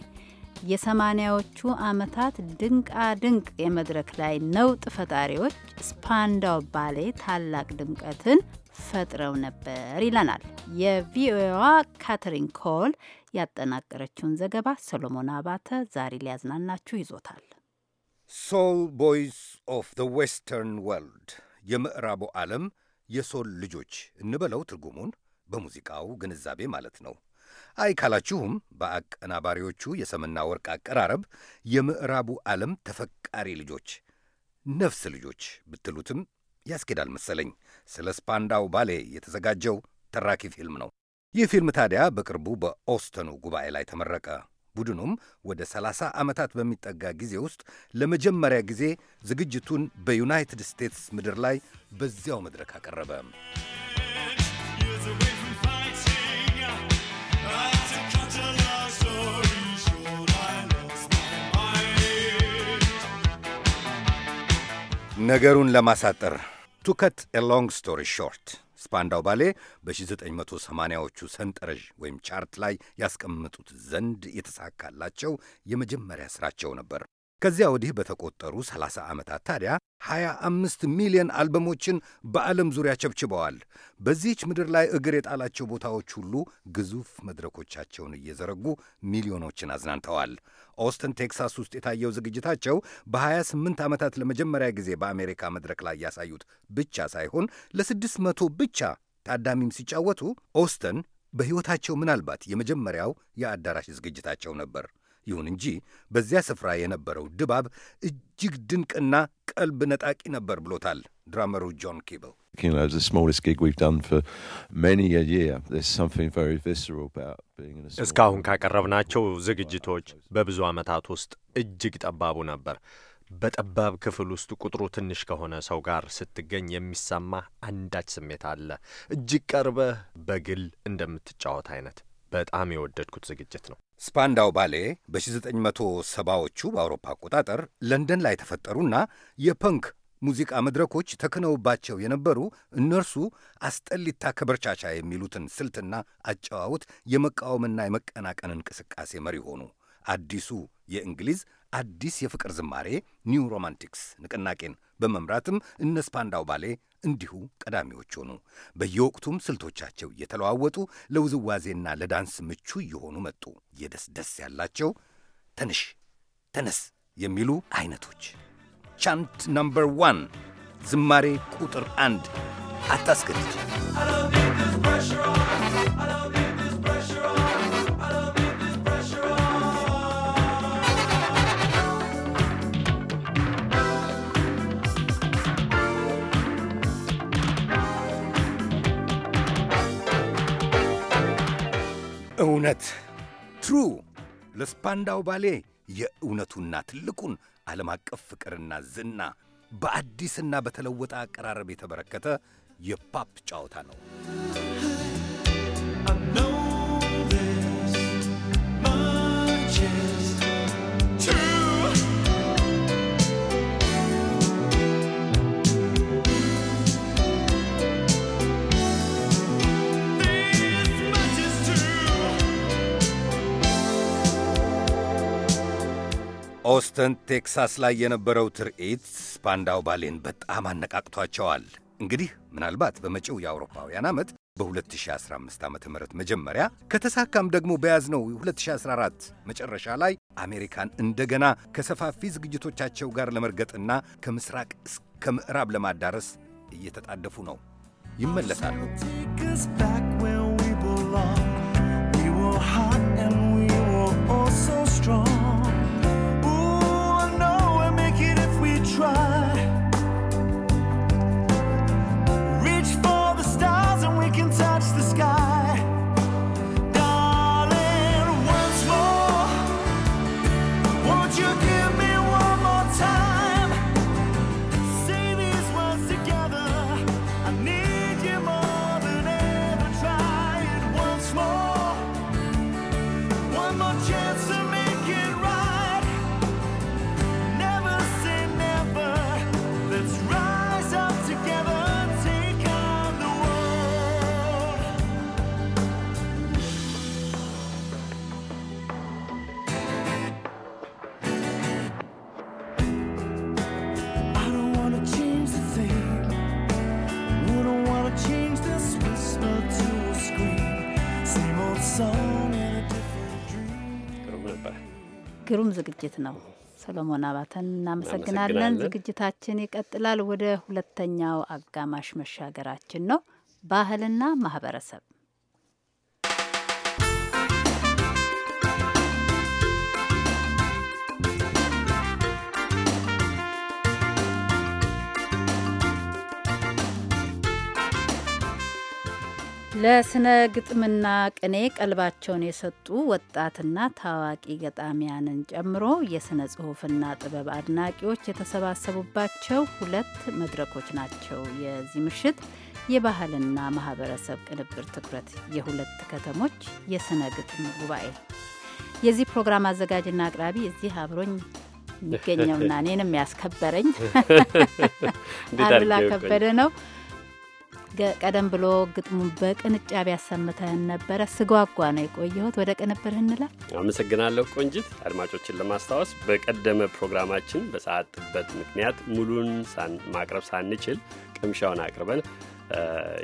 የሰማኒያዎቹ ዓመታት ድንቃ ድንቅ የመድረክ ላይ ነውጥ ፈጣሪዎች ስፓንዳው ባሌ ታላቅ ድምቀትን ፈጥረው ነበር ይለናል የቪኦኤዋ ካተሪን ኮል ያጠናቀረችውን ዘገባ ሰሎሞን አባተ ዛሬ ሊያዝናናችሁ ይዞታል። ሶል ቦይስ ኦፍ ዘ ዌስተርን ወርልድ የምዕራቡ ዓለም የሶል ልጆች እንበለው ትርጉሙን በሙዚቃው ግንዛቤ ማለት ነው። አይ ካላችሁም በአቀናባሪዎቹ የሰምና ወርቅ አቀራረብ የምዕራቡ ዓለም ተፈቃሪ ልጆች፣ ነፍስ ልጆች ብትሉትም ያስኬዳል መሰለኝ። ስለ ስፓንዳው ባሌ የተዘጋጀው ተራኪ ፊልም ነው። ይህ ፊልም ታዲያ በቅርቡ በኦስተኑ ጉባኤ ላይ ተመረቀ። ቡድኑም ወደ 30 ዓመታት በሚጠጋ ጊዜ ውስጥ ለመጀመሪያ ጊዜ ዝግጅቱን በዩናይትድ ስቴትስ ምድር ላይ በዚያው መድረክ አቀረበ። ነገሩን ለማሳጠር ቱከት ከት ኤ ሎንግ ስቶሪ ሾርት ስፓንዳው ባሌ በ1980ዎቹ ሰንጠረዥ ወይም ቻርት ላይ ያስቀምጡት ዘንድ የተሳካላቸው የመጀመሪያ ስራቸው ነበር። ከዚያ ወዲህ በተቆጠሩ 30 ዓመታት ታዲያ 25 ሚሊዮን አልበሞችን በዓለም ዙሪያ ቸብችበዋል። በዚህች ምድር ላይ እግር የጣላቸው ቦታዎች ሁሉ ግዙፍ መድረኮቻቸውን እየዘረጉ ሚሊዮኖችን አዝናንተዋል። ኦስተን ቴክሳስ ውስጥ የታየው ዝግጅታቸው በ28 ዓመታት ለመጀመሪያ ጊዜ በአሜሪካ መድረክ ላይ ያሳዩት ብቻ ሳይሆን ለስድስት መቶ ብቻ ታዳሚም ሲጫወቱ ኦስተን በሕይወታቸው ምናልባት የመጀመሪያው የአዳራሽ ዝግጅታቸው ነበር። ይሁን እንጂ በዚያ ስፍራ የነበረው ድባብ እጅግ ድንቅና ቀልብ ነጣቂ ነበር ብሎታል ድራመሩ ጆን ኪብል። እስካሁን ካቀረብናቸው ዝግጅቶች በብዙ ዓመታት ውስጥ እጅግ ጠባቡ ነበር። በጠባብ ክፍል ውስጥ ቁጥሩ ትንሽ ከሆነ ሰው ጋር ስትገኝ የሚሰማ አንዳች ስሜት አለ፣ እጅግ ቀርበህ በግል እንደምትጫወት አይነት በጣም የወደድኩት ዝግጅት ነው። ስፓንዳው ባሌ በ1970ዎቹ በአውሮፓ አቆጣጠር ለንደን ላይ ተፈጠሩና የፐንክ ሙዚቃ መድረኮች ተክነውባቸው የነበሩ እነርሱ አስጠሊታ ከበርቻቻ የሚሉትን ስልትና አጨዋወት የመቃወምና የመቀናቀን እንቅስቃሴ መሪ ሆኑ። አዲሱ የእንግሊዝ አዲስ የፍቅር ዝማሬ ኒው ሮማንቲክስ ንቅናቄን በመምራትም እነ ስፓንዳው ባሌ እንዲሁ ቀዳሚዎች ሆኑ። በየወቅቱም ስልቶቻቸው እየተለዋወጡ ለውዝዋዜና ለዳንስ ምቹ እየሆኑ መጡ። የደስ ደስ ያላቸው ተንሽ ተነስ የሚሉ አይነቶች ቻንት ነምበር ዋን ዝማሬ ቁጥር አንድ አታስገድድ እውነት ትሩ ለስፓንዳው ባሌ የእውነቱና ትልቁን ዓለም አቀፍ ፍቅርና ዝና በአዲስና በተለወጠ አቀራረብ የተበረከተ የፓፕ ጨዋታ ነው። ኦስተን ቴክሳስ ላይ የነበረው ትርኢት ስፓንዳው ባሌን በጣም አነቃቅቷቸዋል። እንግዲህ ምናልባት በመጪው የአውሮፓውያን ዓመት በ2015 ዓ ም መጀመሪያ ከተሳካም ደግሞ በያዝነው 2014 መጨረሻ ላይ አሜሪካን እንደገና ከሰፋፊ ዝግጅቶቻቸው ጋር ለመርገጥና ከምስራቅ እስከ ምዕራብ ለማዳረስ እየተጣደፉ ነው። ይመለሳሉ። ዝግጅት ነው። ሰሎሞን አባተን እናመሰግናለን። ዝግጅታችን ይቀጥላል። ወደ ሁለተኛው አጋማሽ መሻገራችን ነው። ባህልና ማህበረሰብ ለስነ ግጥምና ቅኔ ቀልባቸውን የሰጡ ወጣትና ታዋቂ ገጣሚያንን ጨምሮ የስነ ጽሁፍና ጥበብ አድናቂዎች የተሰባሰቡባቸው ሁለት መድረኮች ናቸው። የዚህ ምሽት የባህልና ማህበረሰብ ቅንብር ትኩረት የሁለት ከተሞች የስነ ግጥም ጉባኤ። የዚህ ፕሮግራም አዘጋጅና አቅራቢ እዚህ አብሮኝ የሚገኘውና እኔንም ያስከበረኝ አሉላ ከበደ ነው። ቀደም ብሎ ግጥሙን በቅንጫቢ ያሰምተህን ነበረ። ስጓጓ ነው የቆየሁት። ወደ ቅንብርህ እንላል። አመሰግናለሁ ቆንጅት አድማጮችን ለማስታወስ በቀደመ ፕሮግራማችን በሰዓት ጥበት ምክንያት ሙሉን ማቅረብ ሳንችል ቅምሻውን አቅርበን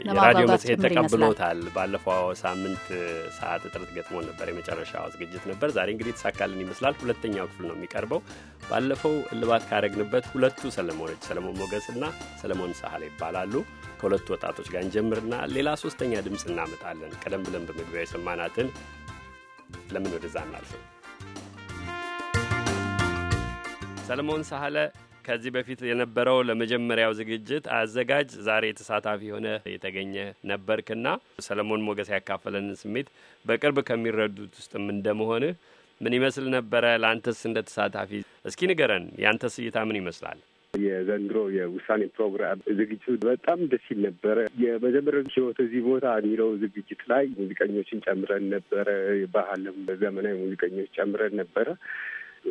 የራዲዮ መጽሔት ተቀብሎታል። ባለፈው ሳምንት ሰዓት እጥረት ገጥሞን ነበር። የመጨረሻው ዝግጅት ነበር። ዛሬ እንግዲህ የተሳካልን ይመስላል። ሁለተኛው ክፍል ነው የሚቀርበው። ባለፈው እልባት ካደረግንበት ሁለቱ ሰለሞኖች ሰለሞን ሞገስ ሰለሞን ሳህል ይባላሉ። ከሁለቱ ወጣቶች ጋር እንጀምርና ሌላ ሶስተኛ ድምፅ እናመጣለን። ቀደም ብለን በመግቢያ የሰማናትን ለምን ወደዛ እናልፍ? ሰለሞን ሳህለ ከዚህ በፊት የነበረው ለመጀመሪያው ዝግጅት አዘጋጅ ዛሬ ተሳታፊ የሆነ የተገኘ ነበርክና ሰለሞን ሞገስ ያካፈለን ስሜት በቅርብ ከሚረዱት ውስጥም እንደመሆንህ ምን ይመስል ነበረ? ለአንተስ እንደ ተሳታፊ እስኪ ንገረን። የአንተስ እይታ ምን ይመስላል? የዘንድሮ የውሳኔ ፕሮግራም ዝግጅቱ በጣም ደስ ይል ነበረ። የመጀመሪያው ህይወት እዚህ ቦታ የሚለው ዝግጅት ላይ ሙዚቀኞችን ጨምረን ነበረ። ባህልም ዘመናዊ ሙዚቀኞች ጨምረን ነበረ።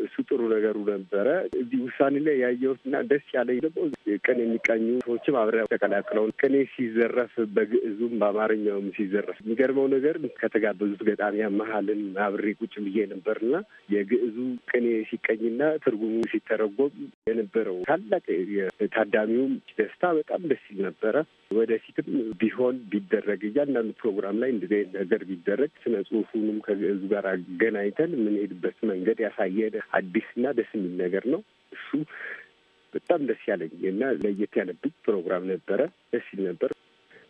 እሱ ጥሩ ነገሩ ነበረ። እዚህ ውሳኔ ላይ ያየሁት እና ደስ ያለኝ ደግሞ ቅኔ የሚቀኙ ሰዎችም አብረው ተቀላቅለውን ቅኔ ሲዘረፍ በግዕዙም በአማርኛውም ሲዘረፍ የሚገርመው ነገር ከተጋበዙት ገጣሚያን መሀልን አብሬ ቁጭ ብዬ ነበርና የግዕዙ ቅኔ ሲቀኝና ትርጉሙ ሲተረጎም የነበረው ታላቅ የታዳሚውም ደስታ በጣም ደስ ይል ነበረ። ወደፊትም ቢሆን ቢደረግ እያንዳንዱ ፕሮግራም ላይ እንደዚህ አይነት ነገር ቢደረግ ስነ ጽሁፉንም ከዙ ጋር አገናኝተን የምንሄድበት መንገድ ያሳየን አዲስና ደስ የሚል ነገር ነው እሱ በጣም ደስ ያለኝ እና ለየት ያለብኝ ፕሮግራም ነበረ። ደስ ይል ነበር።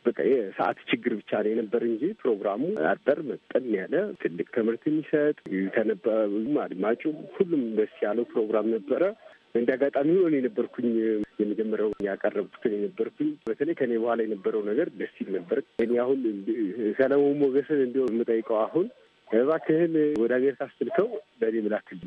በቃ የሰዓት ችግር ብቻ ነው የነበር እንጂ ፕሮግራሙ አጠር መጠን ያለ ትልቅ ትምህርት የሚሰጥ ተነባቢውም አድማጩም ሁሉም ደስ ያለው ፕሮግራም ነበረ። እንደ አጋጣሚ ሆኖ የነበርኩኝ የመጀመሪያው ያቀረብኩትን የነበርኩኝ በተለይ ከኔ በኋላ የነበረው ነገር ደስ ይል ነበር። እኔ አሁን ሰለሞን ሞገስን እንዲሁ የምጠይቀው አሁን እባክህን ወደ ሀገር ታስልከው ለእኔ ምላክልኝ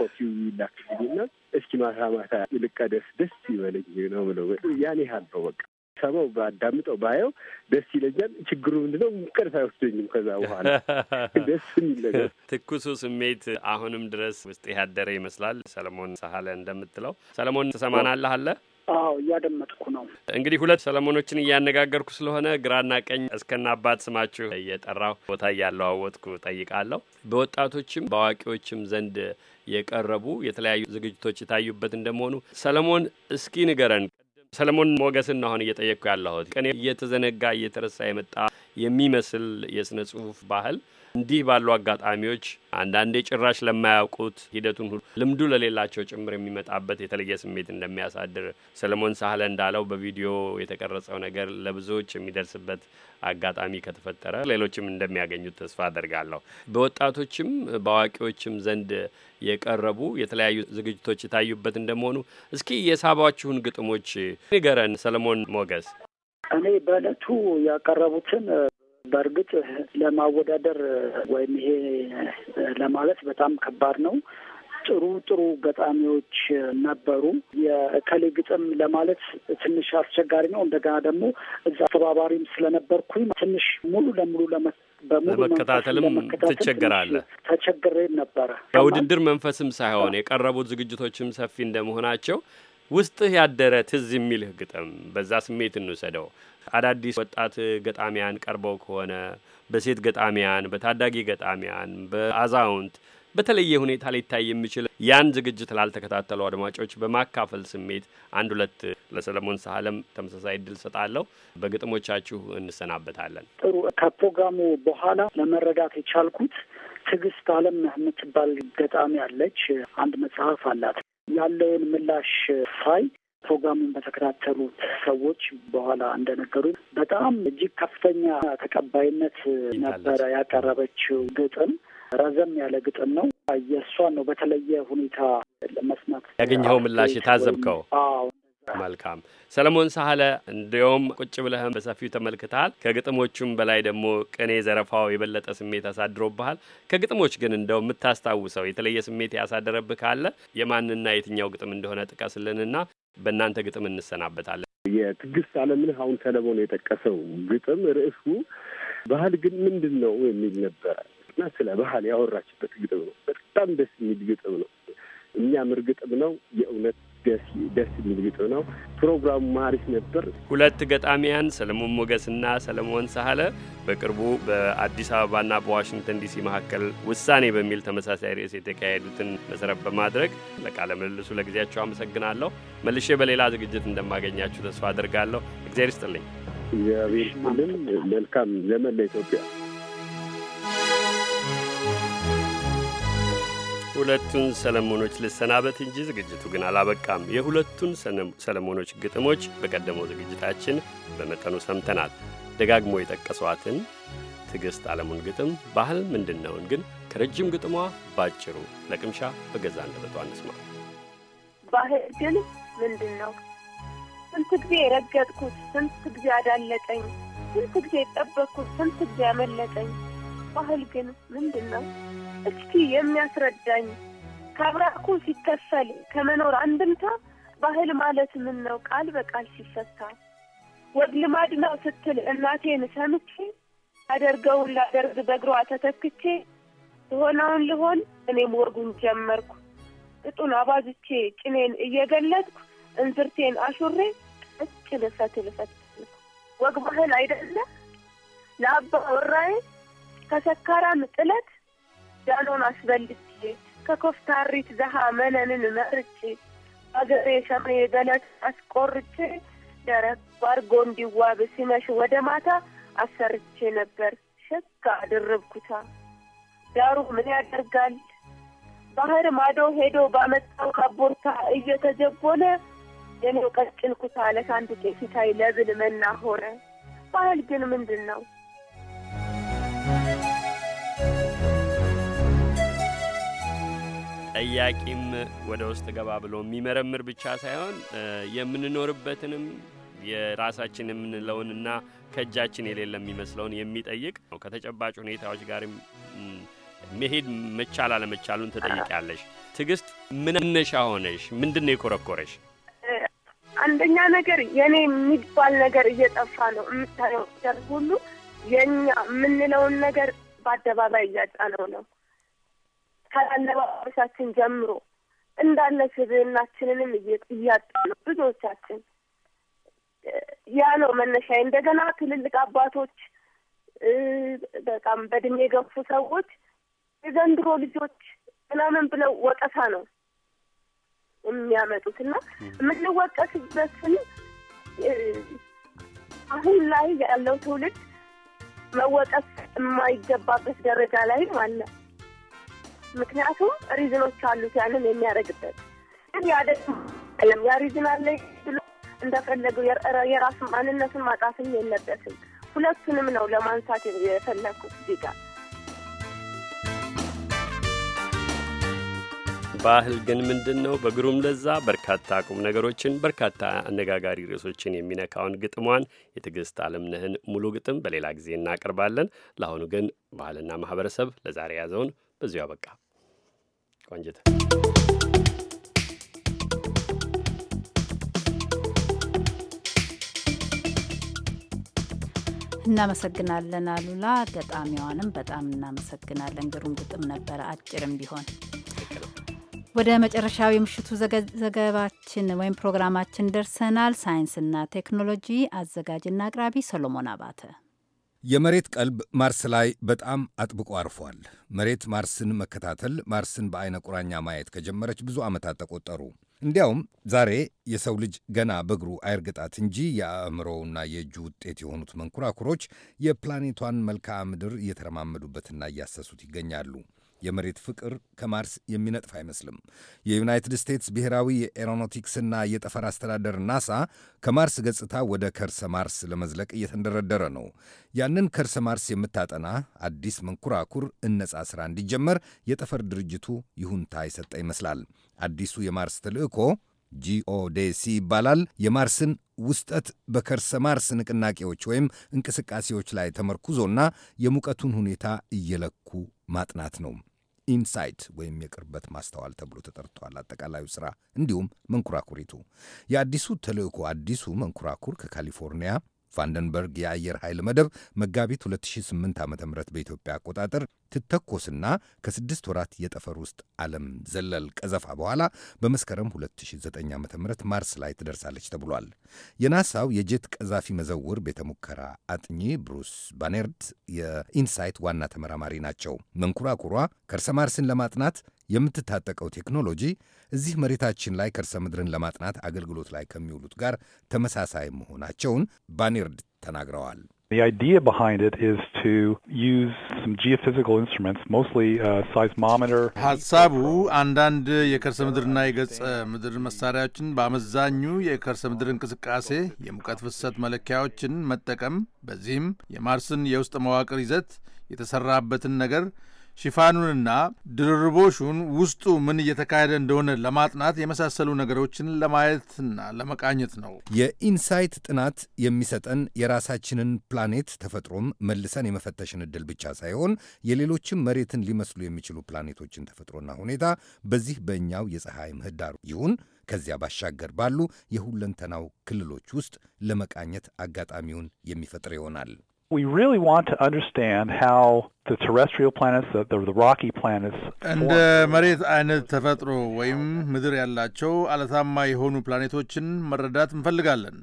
ኮፒው ይላክልኝና እስኪ ማታ ማታ ልቀደስ ደስ ይበለኝ ነው ብለው ያኔ ያህል ነው በቃ ሰማው ባዳምጠው ባየው ደስ ይለኛል። ችግሩ ምንድነው? ሙቀት አይወስደኝም። ከዛ በኋላ ደስ የሚል ነገር ትኩሱ ስሜት አሁንም ድረስ ውስጥ ያደረ ይመስላል። ሰለሞን ሳሀለ እንደምትለው ሰለሞን ተሰማናለህ አለ አዎ እያደመጥኩ ነው። እንግዲህ ሁለት ሰለሞኖችን እያነጋገርኩ ስለሆነ ግራና ቀኝ እስከና አባት ስማችሁ እየጠራሁ ቦታ እያለዋወጥኩ ጠይቃለሁ። በወጣቶችም በአዋቂዎችም ዘንድ የቀረቡ የተለያዩ ዝግጅቶች የታዩበት እንደመሆኑ ሰለሞን እስኪ ንገረን ሰለሞን ሞገስን አሁን እየጠየቅኩ ያለሁት ቀን እየተዘነጋ እየተረሳ የመጣ የሚመስል የስነ ጽሁፍ ባህል እንዲህ ባሉ አጋጣሚዎች አንዳንዴ ጭራሽ ለማያውቁት ሂደቱን ሁሉ ልምዱ ለሌላቸው ጭምር የሚመጣበት የተለየ ስሜት እንደሚያሳድር ሰለሞን ሳህለ እንዳለው በቪዲዮ የተቀረጸው ነገር ለብዙዎች የሚደርስበት አጋጣሚ ከተፈጠረ ሌሎችም እንደሚያገኙት ተስፋ አደርጋለሁ። በወጣቶችም በአዋቂዎችም ዘንድ የቀረቡ የተለያዩ ዝግጅቶች የታዩበት እንደመሆኑ እስኪ የሳባችሁን ግጥሞች ንገረን ሰለሞን ሞገስ። እኔ በእለቱ ያቀረቡትን በእርግጥ ለማወዳደር ወይም ይሄ ለማለት በጣም ከባድ ነው። ጥሩ ጥሩ ገጣሚዎች ነበሩ። የእከሌ ግጥም ለማለት ትንሽ አስቸጋሪ ነው። እንደገና ደግሞ እዛ አስተባባሪም ስለነበርኩኝ ትንሽ ሙሉ ለሙሉ ለመ በመከታተልም ለመከታተልም ተቸግሬም ነበረ። በውድድር መንፈስም ሳይሆን የቀረቡት ዝግጅቶችም ሰፊ እንደመሆናቸው ውስጥህ ያደረ ትዝ የሚልህ ግጥም በዛ ስሜት እንውሰደው። አዳዲስ ወጣት ገጣሚያን ቀርበው ከሆነ በሴት ገጣሚያን፣ በታዳጊ ገጣሚያን፣ በአዛውንት በተለየ ሁኔታ ሊታይ የሚችል ያን ዝግጅት ላልተከታተሉ አድማጮች በማካፈል ስሜት አንድ ሁለት ለሰለሞን ሳህለም ተመሳሳይ እድል ሰጣለሁ። በግጥሞቻችሁ እንሰናበታለን። ጥሩ። ከፕሮግራሙ በኋላ ለመረዳት የቻልኩት ትዕግስት አለም የምትባል ገጣሚ አለች። አንድ መጽሐፍ አላት ያለውን ምላሽ ሳይ ፕሮግራሙን በተከታተሉት ሰዎች በኋላ እንደነገሩ በጣም እጅግ ከፍተኛ ተቀባይነት ነበረ። ያቀረበችው ግጥም ረዘም ያለ ግጥም ነው። የእሷን ነው በተለየ ሁኔታ ለመስማት ያገኘኸው ምላሽ የታዘብከው? አዎ መልካም ሰለሞን ሳህለ፣ እንዲያውም ቁጭ ብለህም በሰፊው ተመልክተሃል። ከግጥሞቹም በላይ ደግሞ ቅኔ ዘረፋው የበለጠ ስሜት አሳድሮብሃል። ከግጥሞች ግን እንደው የምታስታውሰው የተለየ ስሜት ያሳደረብህ ካለ የማንና የትኛው ግጥም እንደሆነ ጥቀስልንና በእናንተ ግጥም እንሰናበታለን። የትዕግስት አለምን አሁን ሰለሞን የጠቀሰው ግጥም ርዕሱ ባህል ግን ምንድን ነው የሚል ነበረ እና ስለ ባህል ያወራችበት ግጥም ነው። በጣም ደስ የሚል ግጥም ነው። የሚያምር ግጥም ነው። የእውነት ደስ የሚል ግጥም ነው። ፕሮግራሙ ማሪፍ ነበር። ሁለት ገጣሚያን ሰለሞን ሞገስና ሰለሞን ሳህለ በቅርቡ በአዲስ አበባና በዋሽንግተን ዲሲ መካከል ውሳኔ በሚል ተመሳሳይ ርዕስ የተካሄዱትን መሰረት በማድረግ ለቃለ ምልልሱ ለጊዜያቸው አመሰግናለሁ። መልሼ በሌላ ዝግጅት እንደማገኛችሁ ተስፋ አድርጋለሁ። እግዚአብሔር ይስጥልኝ። እግዚአብሔር ይስጥልን። መልካም ዘመን ለኢትዮጵያ። ሁለቱን ሰለሞኖች ልሰናበት እንጂ ዝግጅቱ ግን አላበቃም። የሁለቱን ሰለሞኖች ግጥሞች በቀደመው ዝግጅታችን በመጠኑ ሰምተናል። ደጋግሞ የጠቀሷትን ትዕግሥት ዓለሙን ግጥም ባህል ምንድን ነውን ግን ከረጅም ግጥሟ ባጭሩ ለቅምሻ በገዛ አንደበቷ እንስማ። ባህል ግን ምንድን ነው? ስንት ጊዜ የረገጥኩት፣ ስንት ጊዜ አዳለጠኝ፣ ስንት ጊዜ የጠበቅኩት፣ ስንት ጊዜ ያመለጠኝ ባህል ግን ምንድን ነው? እስኪ የሚያስረዳኝ ከአብራኩ ሲከፈል ከመኖር አንድምታ ባህል ማለት ምን ነው? ቃል በቃል ሲፈታ ወግ ልማድ ነው ስትል እናቴን ሰምቼ አደርገውን ላደርግ በእግሯ ተተክቼ ልሆነውን ልሆን እኔም ወጉን ጀመርኩ እጡን አባዝቼ ጭኔን እየገለጥኩ እንዝርቴን አሹሬ ቀጭን ልፈት ልፈት ወግ ባህል አይደለ ለአባ ወራዬ ከሰካራም ጥለት ጃኖን አስበልቼ ከኮፍታሪት ዘሃ መነንን መርቼ አገሬ ሸሜ የገለት አስቆርቼ ደረቅ ባርጎ እንዲዋብ ሲመሽ ወደ ማታ አሰርቼ ነበር ሸጋ አደረብኩታ። ዳሩ ምን ያደርጋል ባህር ማዶ ሄዶ ባመጣው ካቦርታ እየተጀቦለ የኔው ቀጭን ኩታ ለሳንድ ቄፊታይ ለብል መና ሆነ። ባህል ግን ምንድን ነው? ጠያቂም ወደ ውስጥ ገባ ብሎ የሚመረምር ብቻ ሳይሆን የምንኖርበትንም የራሳችን የምንለውንና ከእጃችን የሌለ የሚመስለውን የሚጠይቅ ነው። ከተጨባጭ ሁኔታዎች ጋር መሄድ መቻል አለመቻሉን ትጠይቂያለሽ። ትዕግስት፣ ምን ሆነሽ? ምንድን ነው የኮረኮረሽ? አንደኛ ነገር የኔ የሚባል ነገር እየጠፋ ነው። የምታየው ነገር ሁሉ የእኛ የምንለውን ነገር በአደባባይ እያጣ ነው ከአለባበሳችን ጀምሮ እንዳለ ስብዕናችንንም እያጣ ነው ብዙዎቻችን። ያ ነው መነሻ እንደገና ትልልቅ አባቶች፣ በጣም በእድሜ የገፉ ሰዎች የዘንድሮ ልጆች ምናምን ብለው ወቀሳ ነው የሚያመጡት እና የምንወቀስበትን አሁን ላይ ያለው ትውልድ መወቀስ የማይገባበት ደረጃ ላይም አለ። ምክንያቱም ሪዝኖች አሉት ያንን የሚያደርግበት ግን ያደግ ያ ሪዝን አለ ብሎ እንደፈለገው የራሱ ማንነትን ማጣትም የለበትም። ሁለቱንም ነው ለማንሳት የፈለግኩት ዜጋ ባህል ግን ምንድን ነው? በግሩም ለዛ በርካታ ቁም ነገሮችን በርካታ አነጋጋሪ ርዕሶችን የሚነካውን ግጥሟን የትዕግስት አለምነህን ሙሉ ግጥም በሌላ ጊዜ እናቀርባለን። ለአሁኑ ግን ባህልና ማህበረሰብ ለዛሬ ያዘውን በዚሁ ያበቃ። ቆንጅት እናመሰግናለን አሉላ። ገጣሚዋንም በጣም እናመሰግናለን። ግሩም ግጥም ነበረ፣ አጭርም ቢሆን። ወደ መጨረሻዊ የምሽቱ ዘገባችን ወይም ፕሮግራማችን ደርሰናል። ሳይንስና ቴክኖሎጂ አዘጋጅና አቅራቢ ሰሎሞን አባተ የመሬት ቀልብ ማርስ ላይ በጣም አጥብቆ አርፏል። መሬት ማርስን መከታተል ማርስን በአይነ ቁራኛ ማየት ከጀመረች ብዙ ዓመታት ተቆጠሩ። እንዲያውም ዛሬ የሰው ልጅ ገና በእግሩ አይርግጣት እንጂ የአእምሮውና የእጁ ውጤት የሆኑት መንኮራኩሮች የፕላኔቷን መልክዓ ምድር እየተረማመዱበትና እያሰሱት ይገኛሉ። የመሬት ፍቅር ከማርስ የሚነጥፍ አይመስልም። የዩናይትድ ስቴትስ ብሔራዊ የኤሮኖቲክስና የጠፈር አስተዳደር ናሳ ከማርስ ገጽታ ወደ ከርሰ ማርስ ለመዝለቅ እየተንደረደረ ነው። ያንን ከርሰ ማርስ የምታጠና አዲስ መንኩራኩር እነጻ ስራ እንዲጀመር የጠፈር ድርጅቱ ይሁንታ የሰጠ ይመስላል። አዲሱ የማርስ ተልዕኮ ጂኦዴሲ ይባላል። የማርስን ውስጠት በከርሰ ማርስ ንቅናቄዎች ወይም እንቅስቃሴዎች ላይ ተመርኩዞና የሙቀቱን ሁኔታ እየለኩ ማጥናት ነው። ኢንሳይት ወይም የቅርበት ማስተዋል ተብሎ ተጠርቷል። አጠቃላዩ ስራ እንዲሁም መንኮራኩሪቱ የአዲሱ ተልእኮ አዲሱ መንኮራኩር ከካሊፎርኒያ ቫንደንበርግ የአየር ኃይል መደብ መጋቢት 2008 ዓ ም በኢትዮጵያ አቆጣጠር ትተኮስና ከስድስት ወራት የጠፈር ውስጥ ዓለም ዘለል ቀዘፋ በኋላ በመስከረም 2009 ዓ ም ማርስ ላይ ትደርሳለች ተብሏል። የናሳው የጄት ቀዛፊ መዘውር ቤተ ሙከራ አጥኚ ብሩስ ባኔርድ የኢንሳይት ዋና ተመራማሪ ናቸው። መንኩራኩሯ ከርሰ ማርስን ለማጥናት የምትታጠቀው ቴክኖሎጂ እዚህ መሬታችን ላይ ከርሰ ምድርን ለማጥናት አገልግሎት ላይ ከሚውሉት ጋር ተመሳሳይ መሆናቸውን ባኔርድ ተናግረዋል። The idea behind it is to use some geophysical instruments, mostly uh, seismometer. ሀሳቡ አንዳንድ የከርሰ ምድርና የገጸ ምድር መሳሪያዎችን በአመዛኙ የከርሰ ምድር እንቅስቃሴ የሙቀት ፍሰት መለኪያዎችን መጠቀም፣ በዚህም የማርስን የውስጥ መዋቅር ይዘት የተሰራበትን ነገር ሽፋኑንና ድርርቦሹን ውስጡ ምን እየተካሄደ እንደሆነ ለማጥናት የመሳሰሉ ነገሮችን ለማየትና ለመቃኘት ነው። የኢንሳይት ጥናት የሚሰጠን የራሳችንን ፕላኔት ተፈጥሮም መልሰን የመፈተሽን እድል ብቻ ሳይሆን የሌሎችም መሬትን ሊመስሉ የሚችሉ ፕላኔቶችን ተፈጥሮና ሁኔታ በዚህ በእኛው የፀሐይ ምህዳር ይሁን ከዚያ ባሻገር ባሉ የሁለንተናው ክልሎች ውስጥ ለመቃኘት አጋጣሚውን የሚፈጥር ይሆናል። we really want to understand how the terrestrial planets, the, the, the rocky planets. and uh, መሬት አይነት ተፈጥሮ ወይም ምድር ያላቸው አለታማ የሆኑ ፕላኔቶችን መረዳት እንፈልጋለን።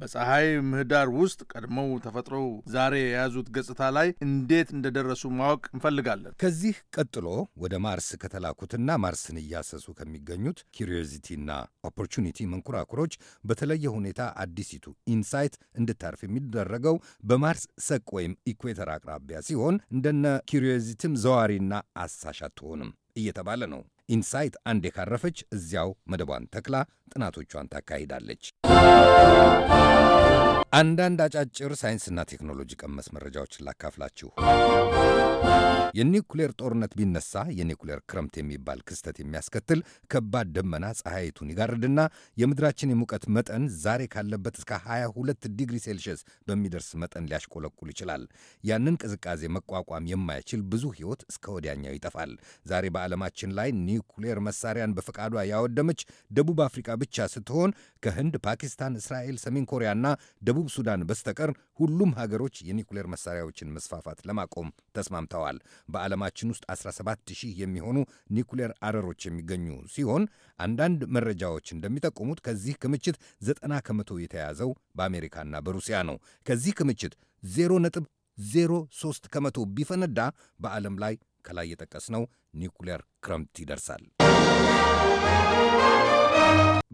በፀሐይ ምህዳር ውስጥ ቀድሞው ተፈጥሮ ዛሬ የያዙት ገጽታ ላይ እንዴት እንደደረሱ ማወቅ እንፈልጋለን። ከዚህ ቀጥሎ ወደ ማርስ ከተላኩትና ማርስን እያሰሱ ከሚገኙት ኪሪዮዚቲና ኦፖርቹኒቲ መንኮራኩሮች በተለየ ሁኔታ አዲሲቱ ኢንሳይት እንድታርፍ የሚደረገው በማርስ ሰቅ ወይም ኢኩዌተር አቅራቢያ ሲሆን እንደነ ኪሪዮዚቲም ዘዋሪና አሳሽ አትሆንም እየተባለ ነው። ኢንሳይት አንዴ ካረፈች እዚያው መደቧን ተክላ ጥናቶቿን ታካሂዳለች። አንዳንድ አጫጭር ሳይንስና ቴክኖሎጂ ቀመስ መረጃዎችን ላካፍላችሁ። የኒኩሌር ጦርነት ቢነሳ የኒኩሌር ክረምት የሚባል ክስተት የሚያስከትል ከባድ ደመና ፀሐይቱን ይጋርድና የምድራችን የሙቀት መጠን ዛሬ ካለበት እስከ 22 ዲግሪ ሴልሺየስ በሚደርስ መጠን ሊያሽቆለቁል ይችላል። ያንን ቅዝቃዜ መቋቋም የማይችል ብዙ ሕይወት እስከ ወዲያኛው ይጠፋል። ዛሬ በዓለማችን ላይ ኒኩሌር መሳሪያን በፈቃዷ ያወደመች ደቡብ አፍሪካ ብቻ ስትሆን ከህንድ፣ ፓኪስታን፣ እስራኤል፣ ሰሜን ኮሪያና ከደቡብ ሱዳን በስተቀር ሁሉም ሀገሮች የኒኩሌር መሳሪያዎችን መስፋፋት ለማቆም ተስማምተዋል። በዓለማችን ውስጥ 17 ሺህ የሚሆኑ ኒኩሌር አረሮች የሚገኙ ሲሆን አንዳንድ መረጃዎች እንደሚጠቁሙት ከዚህ ክምችት ዘጠና ከመቶ የተያዘው በአሜሪካና በሩሲያ ነው። ከዚህ ክምችት 003 03 ከመቶ ቢፈነዳ በዓለም ላይ ከላይ የጠቀስነው ኒኩሌር ክረምት ይደርሳል።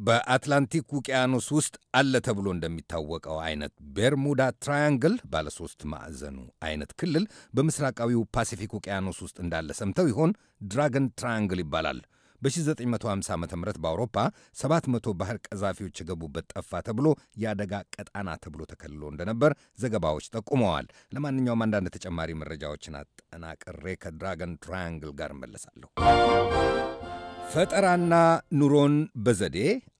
በአትላንቲክ ውቅያኖስ ውስጥ አለ ተብሎ እንደሚታወቀው አይነት ቤርሙዳ ትራያንግል ባለሶስት ማዕዘኑ አይነት ክልል በምስራቃዊው ፓሲፊክ ውቅያኖስ ውስጥ እንዳለ ሰምተው ይሆን? ድራገን ትራያንግል ይባላል። በ1950 ዓ ም በአውሮፓ 700 ባህር ቀዛፊዎች የገቡበት ጠፋ ተብሎ የአደጋ ቀጣና ተብሎ ተከልሎ እንደነበር ዘገባዎች ጠቁመዋል። ለማንኛውም አንዳንድ ተጨማሪ መረጃዎችን አጠናቅሬ ከድራገን ትራያንግል ጋር እመለሳለሁ። ፈጠራና ኑሮን በዘዴ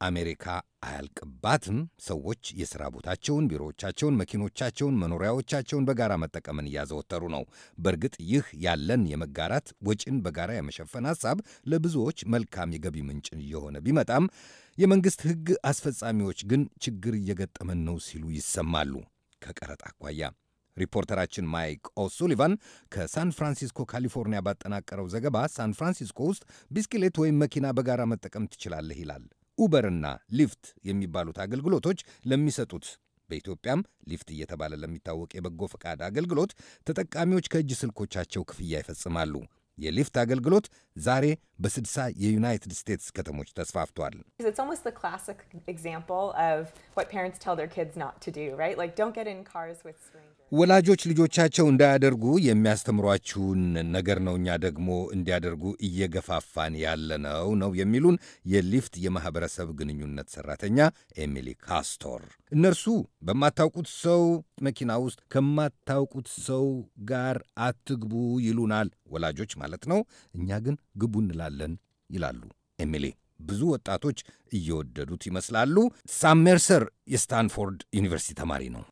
አሜሪካ አያልቅባትም። ሰዎች የሥራ ቦታቸውን፣ ቢሮዎቻቸውን፣ መኪኖቻቸውን፣ መኖሪያዎቻቸውን በጋራ መጠቀምን እያዘወተሩ ነው። በእርግጥ ይህ ያለን የመጋራት ወጪን በጋራ የመሸፈን ሐሳብ ለብዙዎች መልካም የገቢ ምንጭ እየሆነ ቢመጣም የመንግሥት ሕግ አስፈጻሚዎች ግን ችግር እየገጠመን ነው ሲሉ ይሰማሉ። ከቀረጥ አኳያ ሪፖርተራችን ማይክ ኦሱሊቫን ከሳን ፍራንሲስኮ ካሊፎርኒያ ባጠናቀረው ዘገባ ሳን ፍራንሲስኮ ውስጥ ቢስክሌት ወይም መኪና በጋራ መጠቀም ትችላለህ ይላል። ኡበርና ሊፍት የሚባሉት አገልግሎቶች ለሚሰጡት በኢትዮጵያም ሊፍት እየተባለ ለሚታወቅ የበጎ ፈቃድ አገልግሎት ተጠቃሚዎች ከእጅ ስልኮቻቸው ክፍያ ይፈጽማሉ። የሊፍት አገልግሎት ዛሬ በስድሳ የዩናይትድ ስቴትስ ከተሞች ተስፋፍቷል። ወላጆች ልጆቻቸው እንዳያደርጉ የሚያስተምሯችሁን ነገር ነው እኛ ደግሞ እንዲያደርጉ እየገፋፋን ያለነው ነው የሚሉን የሊፍት የማኅበረሰብ ግንኙነት ሠራተኛ ኤሚሊ ካስቶር። እነርሱ በማታውቁት ሰው መኪና ውስጥ ከማታውቁት ሰው ጋር አትግቡ ይሉናል፣ ወላጆች ማለት ነው። እኛ ግን ግቡ እንላለን ይላሉ ኤሚሊ። ብዙ ወጣቶች እየወደዱት ይመስላሉ። ሳም ሜርሰር የስታንፎርድ ዩኒቨርሲቲ ተማሪ ነው።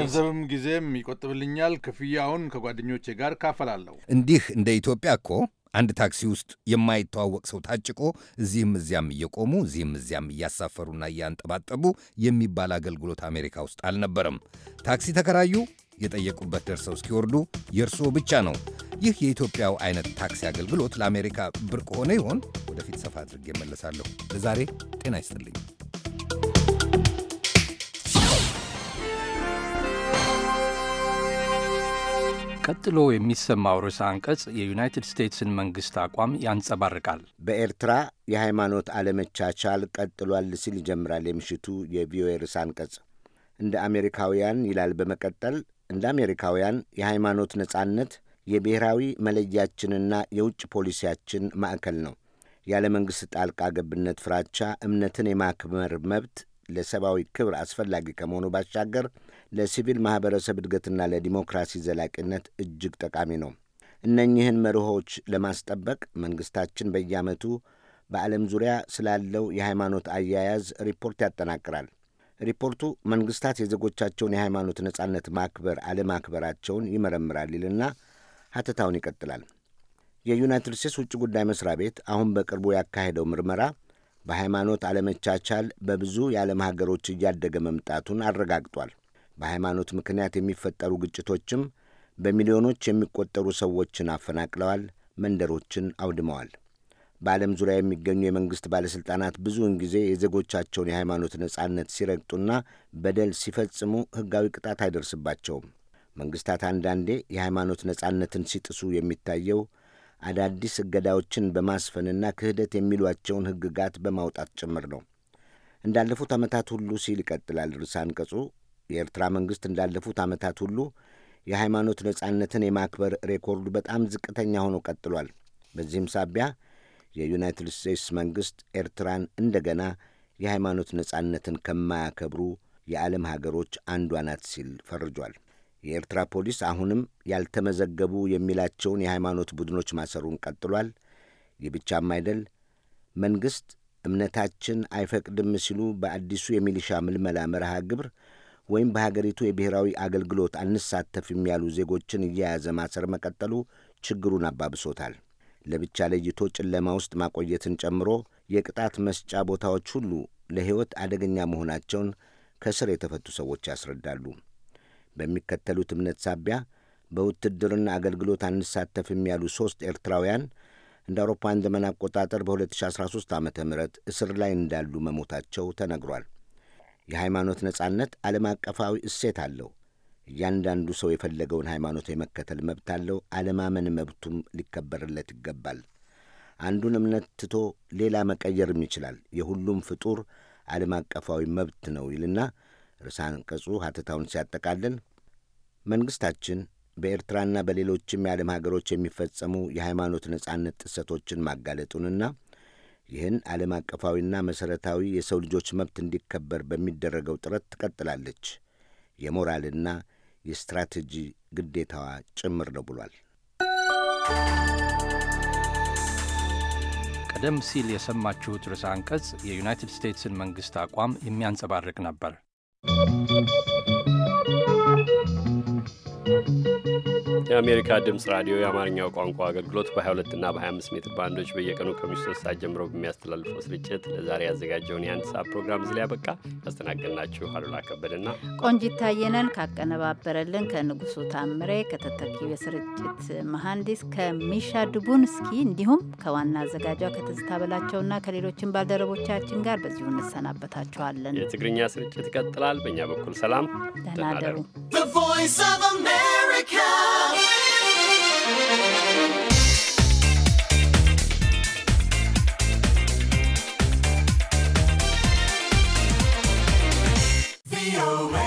ገንዘብም ጊዜም ይቆጥብልኛል። ክፍያውን ከጓደኞቼ ጋር ካፈላለሁ። እንዲህ እንደ ኢትዮጵያ እኮ አንድ ታክሲ ውስጥ የማይተዋወቅ ሰው ታጭቆ እዚህም እዚያም እየቆሙ እዚህም እዚያም እያሳፈሩና እያንጠባጠቡ የሚባል አገልግሎት አሜሪካ ውስጥ አልነበረም። ታክሲ ተከራዩ የጠየቁበት ደርሰው እስኪወርዱ የእርስዎ ብቻ ነው። ይህ የኢትዮጵያው አይነት ታክሲ አገልግሎት ለአሜሪካ ብርቅ ሆነ ይሆን? ወደፊት ሰፋ አድርጌ እመለሳለሁ። ለዛሬ ጤና ይስጥልኝ። ቀጥሎ የሚሰማው ርዕሰ አንቀጽ የዩናይትድ ስቴትስን መንግሥት አቋም ያንጸባርቃል። በኤርትራ የሃይማኖት አለመቻቻል ቀጥሏል ሲል ይጀምራል የምሽቱ የቪኦኤ ርዕሰ አንቀጽ። እንደ አሜሪካውያን ይላል በመቀጠል እንደ አሜሪካውያን የሃይማኖት ነጻነት የብሔራዊ መለያችንና የውጭ ፖሊሲያችን ማዕከል ነው። ያለ መንግሥት ጣልቃ ገብነት ፍራቻ እምነትን የማክበር መብት ለሰብአዊ ክብር አስፈላጊ ከመሆኑ ባሻገር ለሲቪል ማኅበረሰብ እድገትና ለዲሞክራሲ ዘላቂነት እጅግ ጠቃሚ ነው። እነኚህን መርሆች ለማስጠበቅ መንግሥታችን በየዓመቱ በዓለም ዙሪያ ስላለው የሃይማኖት አያያዝ ሪፖርት ያጠናቅራል። ሪፖርቱ መንግስታት የዜጎቻቸውን የሃይማኖት ነጻነት ማክበር አለማክበራቸውን ይመረምራል ይልና ሀተታውን ይቀጥላል። የዩናይትድ ስቴትስ ውጭ ጉዳይ መስሪያ ቤት አሁን በቅርቡ ያካሄደው ምርመራ በሃይማኖት አለመቻቻል በብዙ የዓለም ሀገሮች እያደገ መምጣቱን አረጋግጧል። በሃይማኖት ምክንያት የሚፈጠሩ ግጭቶችም በሚሊዮኖች የሚቆጠሩ ሰዎችን አፈናቅለዋል፣ መንደሮችን አውድመዋል። በዓለም ዙሪያ የሚገኙ የመንግሥት ባለሥልጣናት ብዙውን ጊዜ የዜጎቻቸውን የሃይማኖት ነጻነት ሲረግጡና በደል ሲፈጽሙ ሕጋዊ ቅጣት አይደርስባቸውም። መንግሥታት አንዳንዴ የሃይማኖት ነጻነትን ሲጥሱ የሚታየው አዳዲስ እገዳዎችን በማስፈንና ክህደት የሚሏቸውን ሕግጋት በማውጣት ጭምር ነው። እንዳለፉት ዓመታት ሁሉ ሲል ይቀጥላል ርዕሰ አንቀጹ። የኤርትራ መንግሥት እንዳለፉት ዓመታት ሁሉ የሃይማኖት ነጻነትን የማክበር ሬኮርዱ በጣም ዝቅተኛ ሆኖ ቀጥሏል። በዚህም ሳቢያ የዩናይትድ ስቴትስ መንግሥት ኤርትራን እንደገና የሃይማኖት ነጻነትን ከማያከብሩ የዓለም ሀገሮች አንዷ ናት ሲል ፈርጇል። የኤርትራ ፖሊስ አሁንም ያልተመዘገቡ የሚላቸውን የሃይማኖት ቡድኖች ማሰሩን ቀጥሏል። ይህ ብቻም አይደል፣ መንግሥት እምነታችን አይፈቅድም ሲሉ በአዲሱ የሚሊሻ ምልመላ መርሃ ግብር ወይም በሀገሪቱ የብሔራዊ አገልግሎት አንሳተፍም ያሉ ዜጎችን እየያዘ ማሰር መቀጠሉ ችግሩን አባብሶታል። ለብቻ ለይቶ ጨለማ ውስጥ ማቆየትን ጨምሮ የቅጣት መስጫ ቦታዎች ሁሉ ለሕይወት አደገኛ መሆናቸውን ከስር የተፈቱ ሰዎች ያስረዳሉ። በሚከተሉት እምነት ሳቢያ በውትድርና አገልግሎት አንሳተፍም ያሉ ሦስት ኤርትራውያን እንደ አውሮፓውያን ዘመን አቆጣጠር በ2013 ዓ ም እስር ላይ እንዳሉ መሞታቸው ተነግሯል። የሃይማኖት ነጻነት ዓለም አቀፋዊ እሴት አለው። እያንዳንዱ ሰው የፈለገውን ሃይማኖት የመከተል መብት አለው። አለማመን መብቱም ሊከበርለት ይገባል። አንዱን እምነት ትቶ ሌላ መቀየርም ይችላል። የሁሉም ፍጡር ዓለም አቀፋዊ መብት ነው ይልና ርዕሰ አንቀጹ ሀተታውን ሲያጠቃልል መንግሥታችን በኤርትራና በሌሎችም የዓለም ሀገሮች የሚፈጸሙ የሃይማኖት ነጻነት ጥሰቶችን ማጋለጡንና ይህን ዓለም አቀፋዊና መሠረታዊ የሰው ልጆች መብት እንዲከበር በሚደረገው ጥረት ትቀጥላለች። የሞራልና የስትራቴጂ ግዴታዋ ጭምር ነው ብሏል። ቀደም ሲል የሰማችሁት ርዕሰ አንቀጽ የዩናይትድ ስቴትስን መንግሥት አቋም የሚያንጸባርቅ ነበር። የአሜሪካ ድምፅ ራዲዮ የአማርኛው ቋንቋ አገልግሎት በ22 እና በ25 ሜትር ባንዶች በየቀኑ ከምሽቱ 3 ሰዓት ጀምሮ በሚያስተላልፈው ስርጭት ለዛሬ ያዘጋጀውን የአንድ ሰዓት ፕሮግራም እዚህ ላይ ያበቃ። ያስተናገድናችሁ አሉላ ከበደና ቆንጂት ታየነን ካቀነባበረልን ከንጉሱ ታምሬ ከተተኪው የስርጭት መሐንዲስ ከሚሻ ድቡንስኪ እንዲሁም ከዋና አዘጋጇ ከትዝታ በላቸውና ከሌሎችን ባልደረቦቻችን ጋር በዚሁ እንሰናበታችኋለን። የትግርኛ ስርጭት ይቀጥላል። በእኛ በኩል ሰላም፣ ደህና ደሩ። The voice of America. Yeah. Yo, man.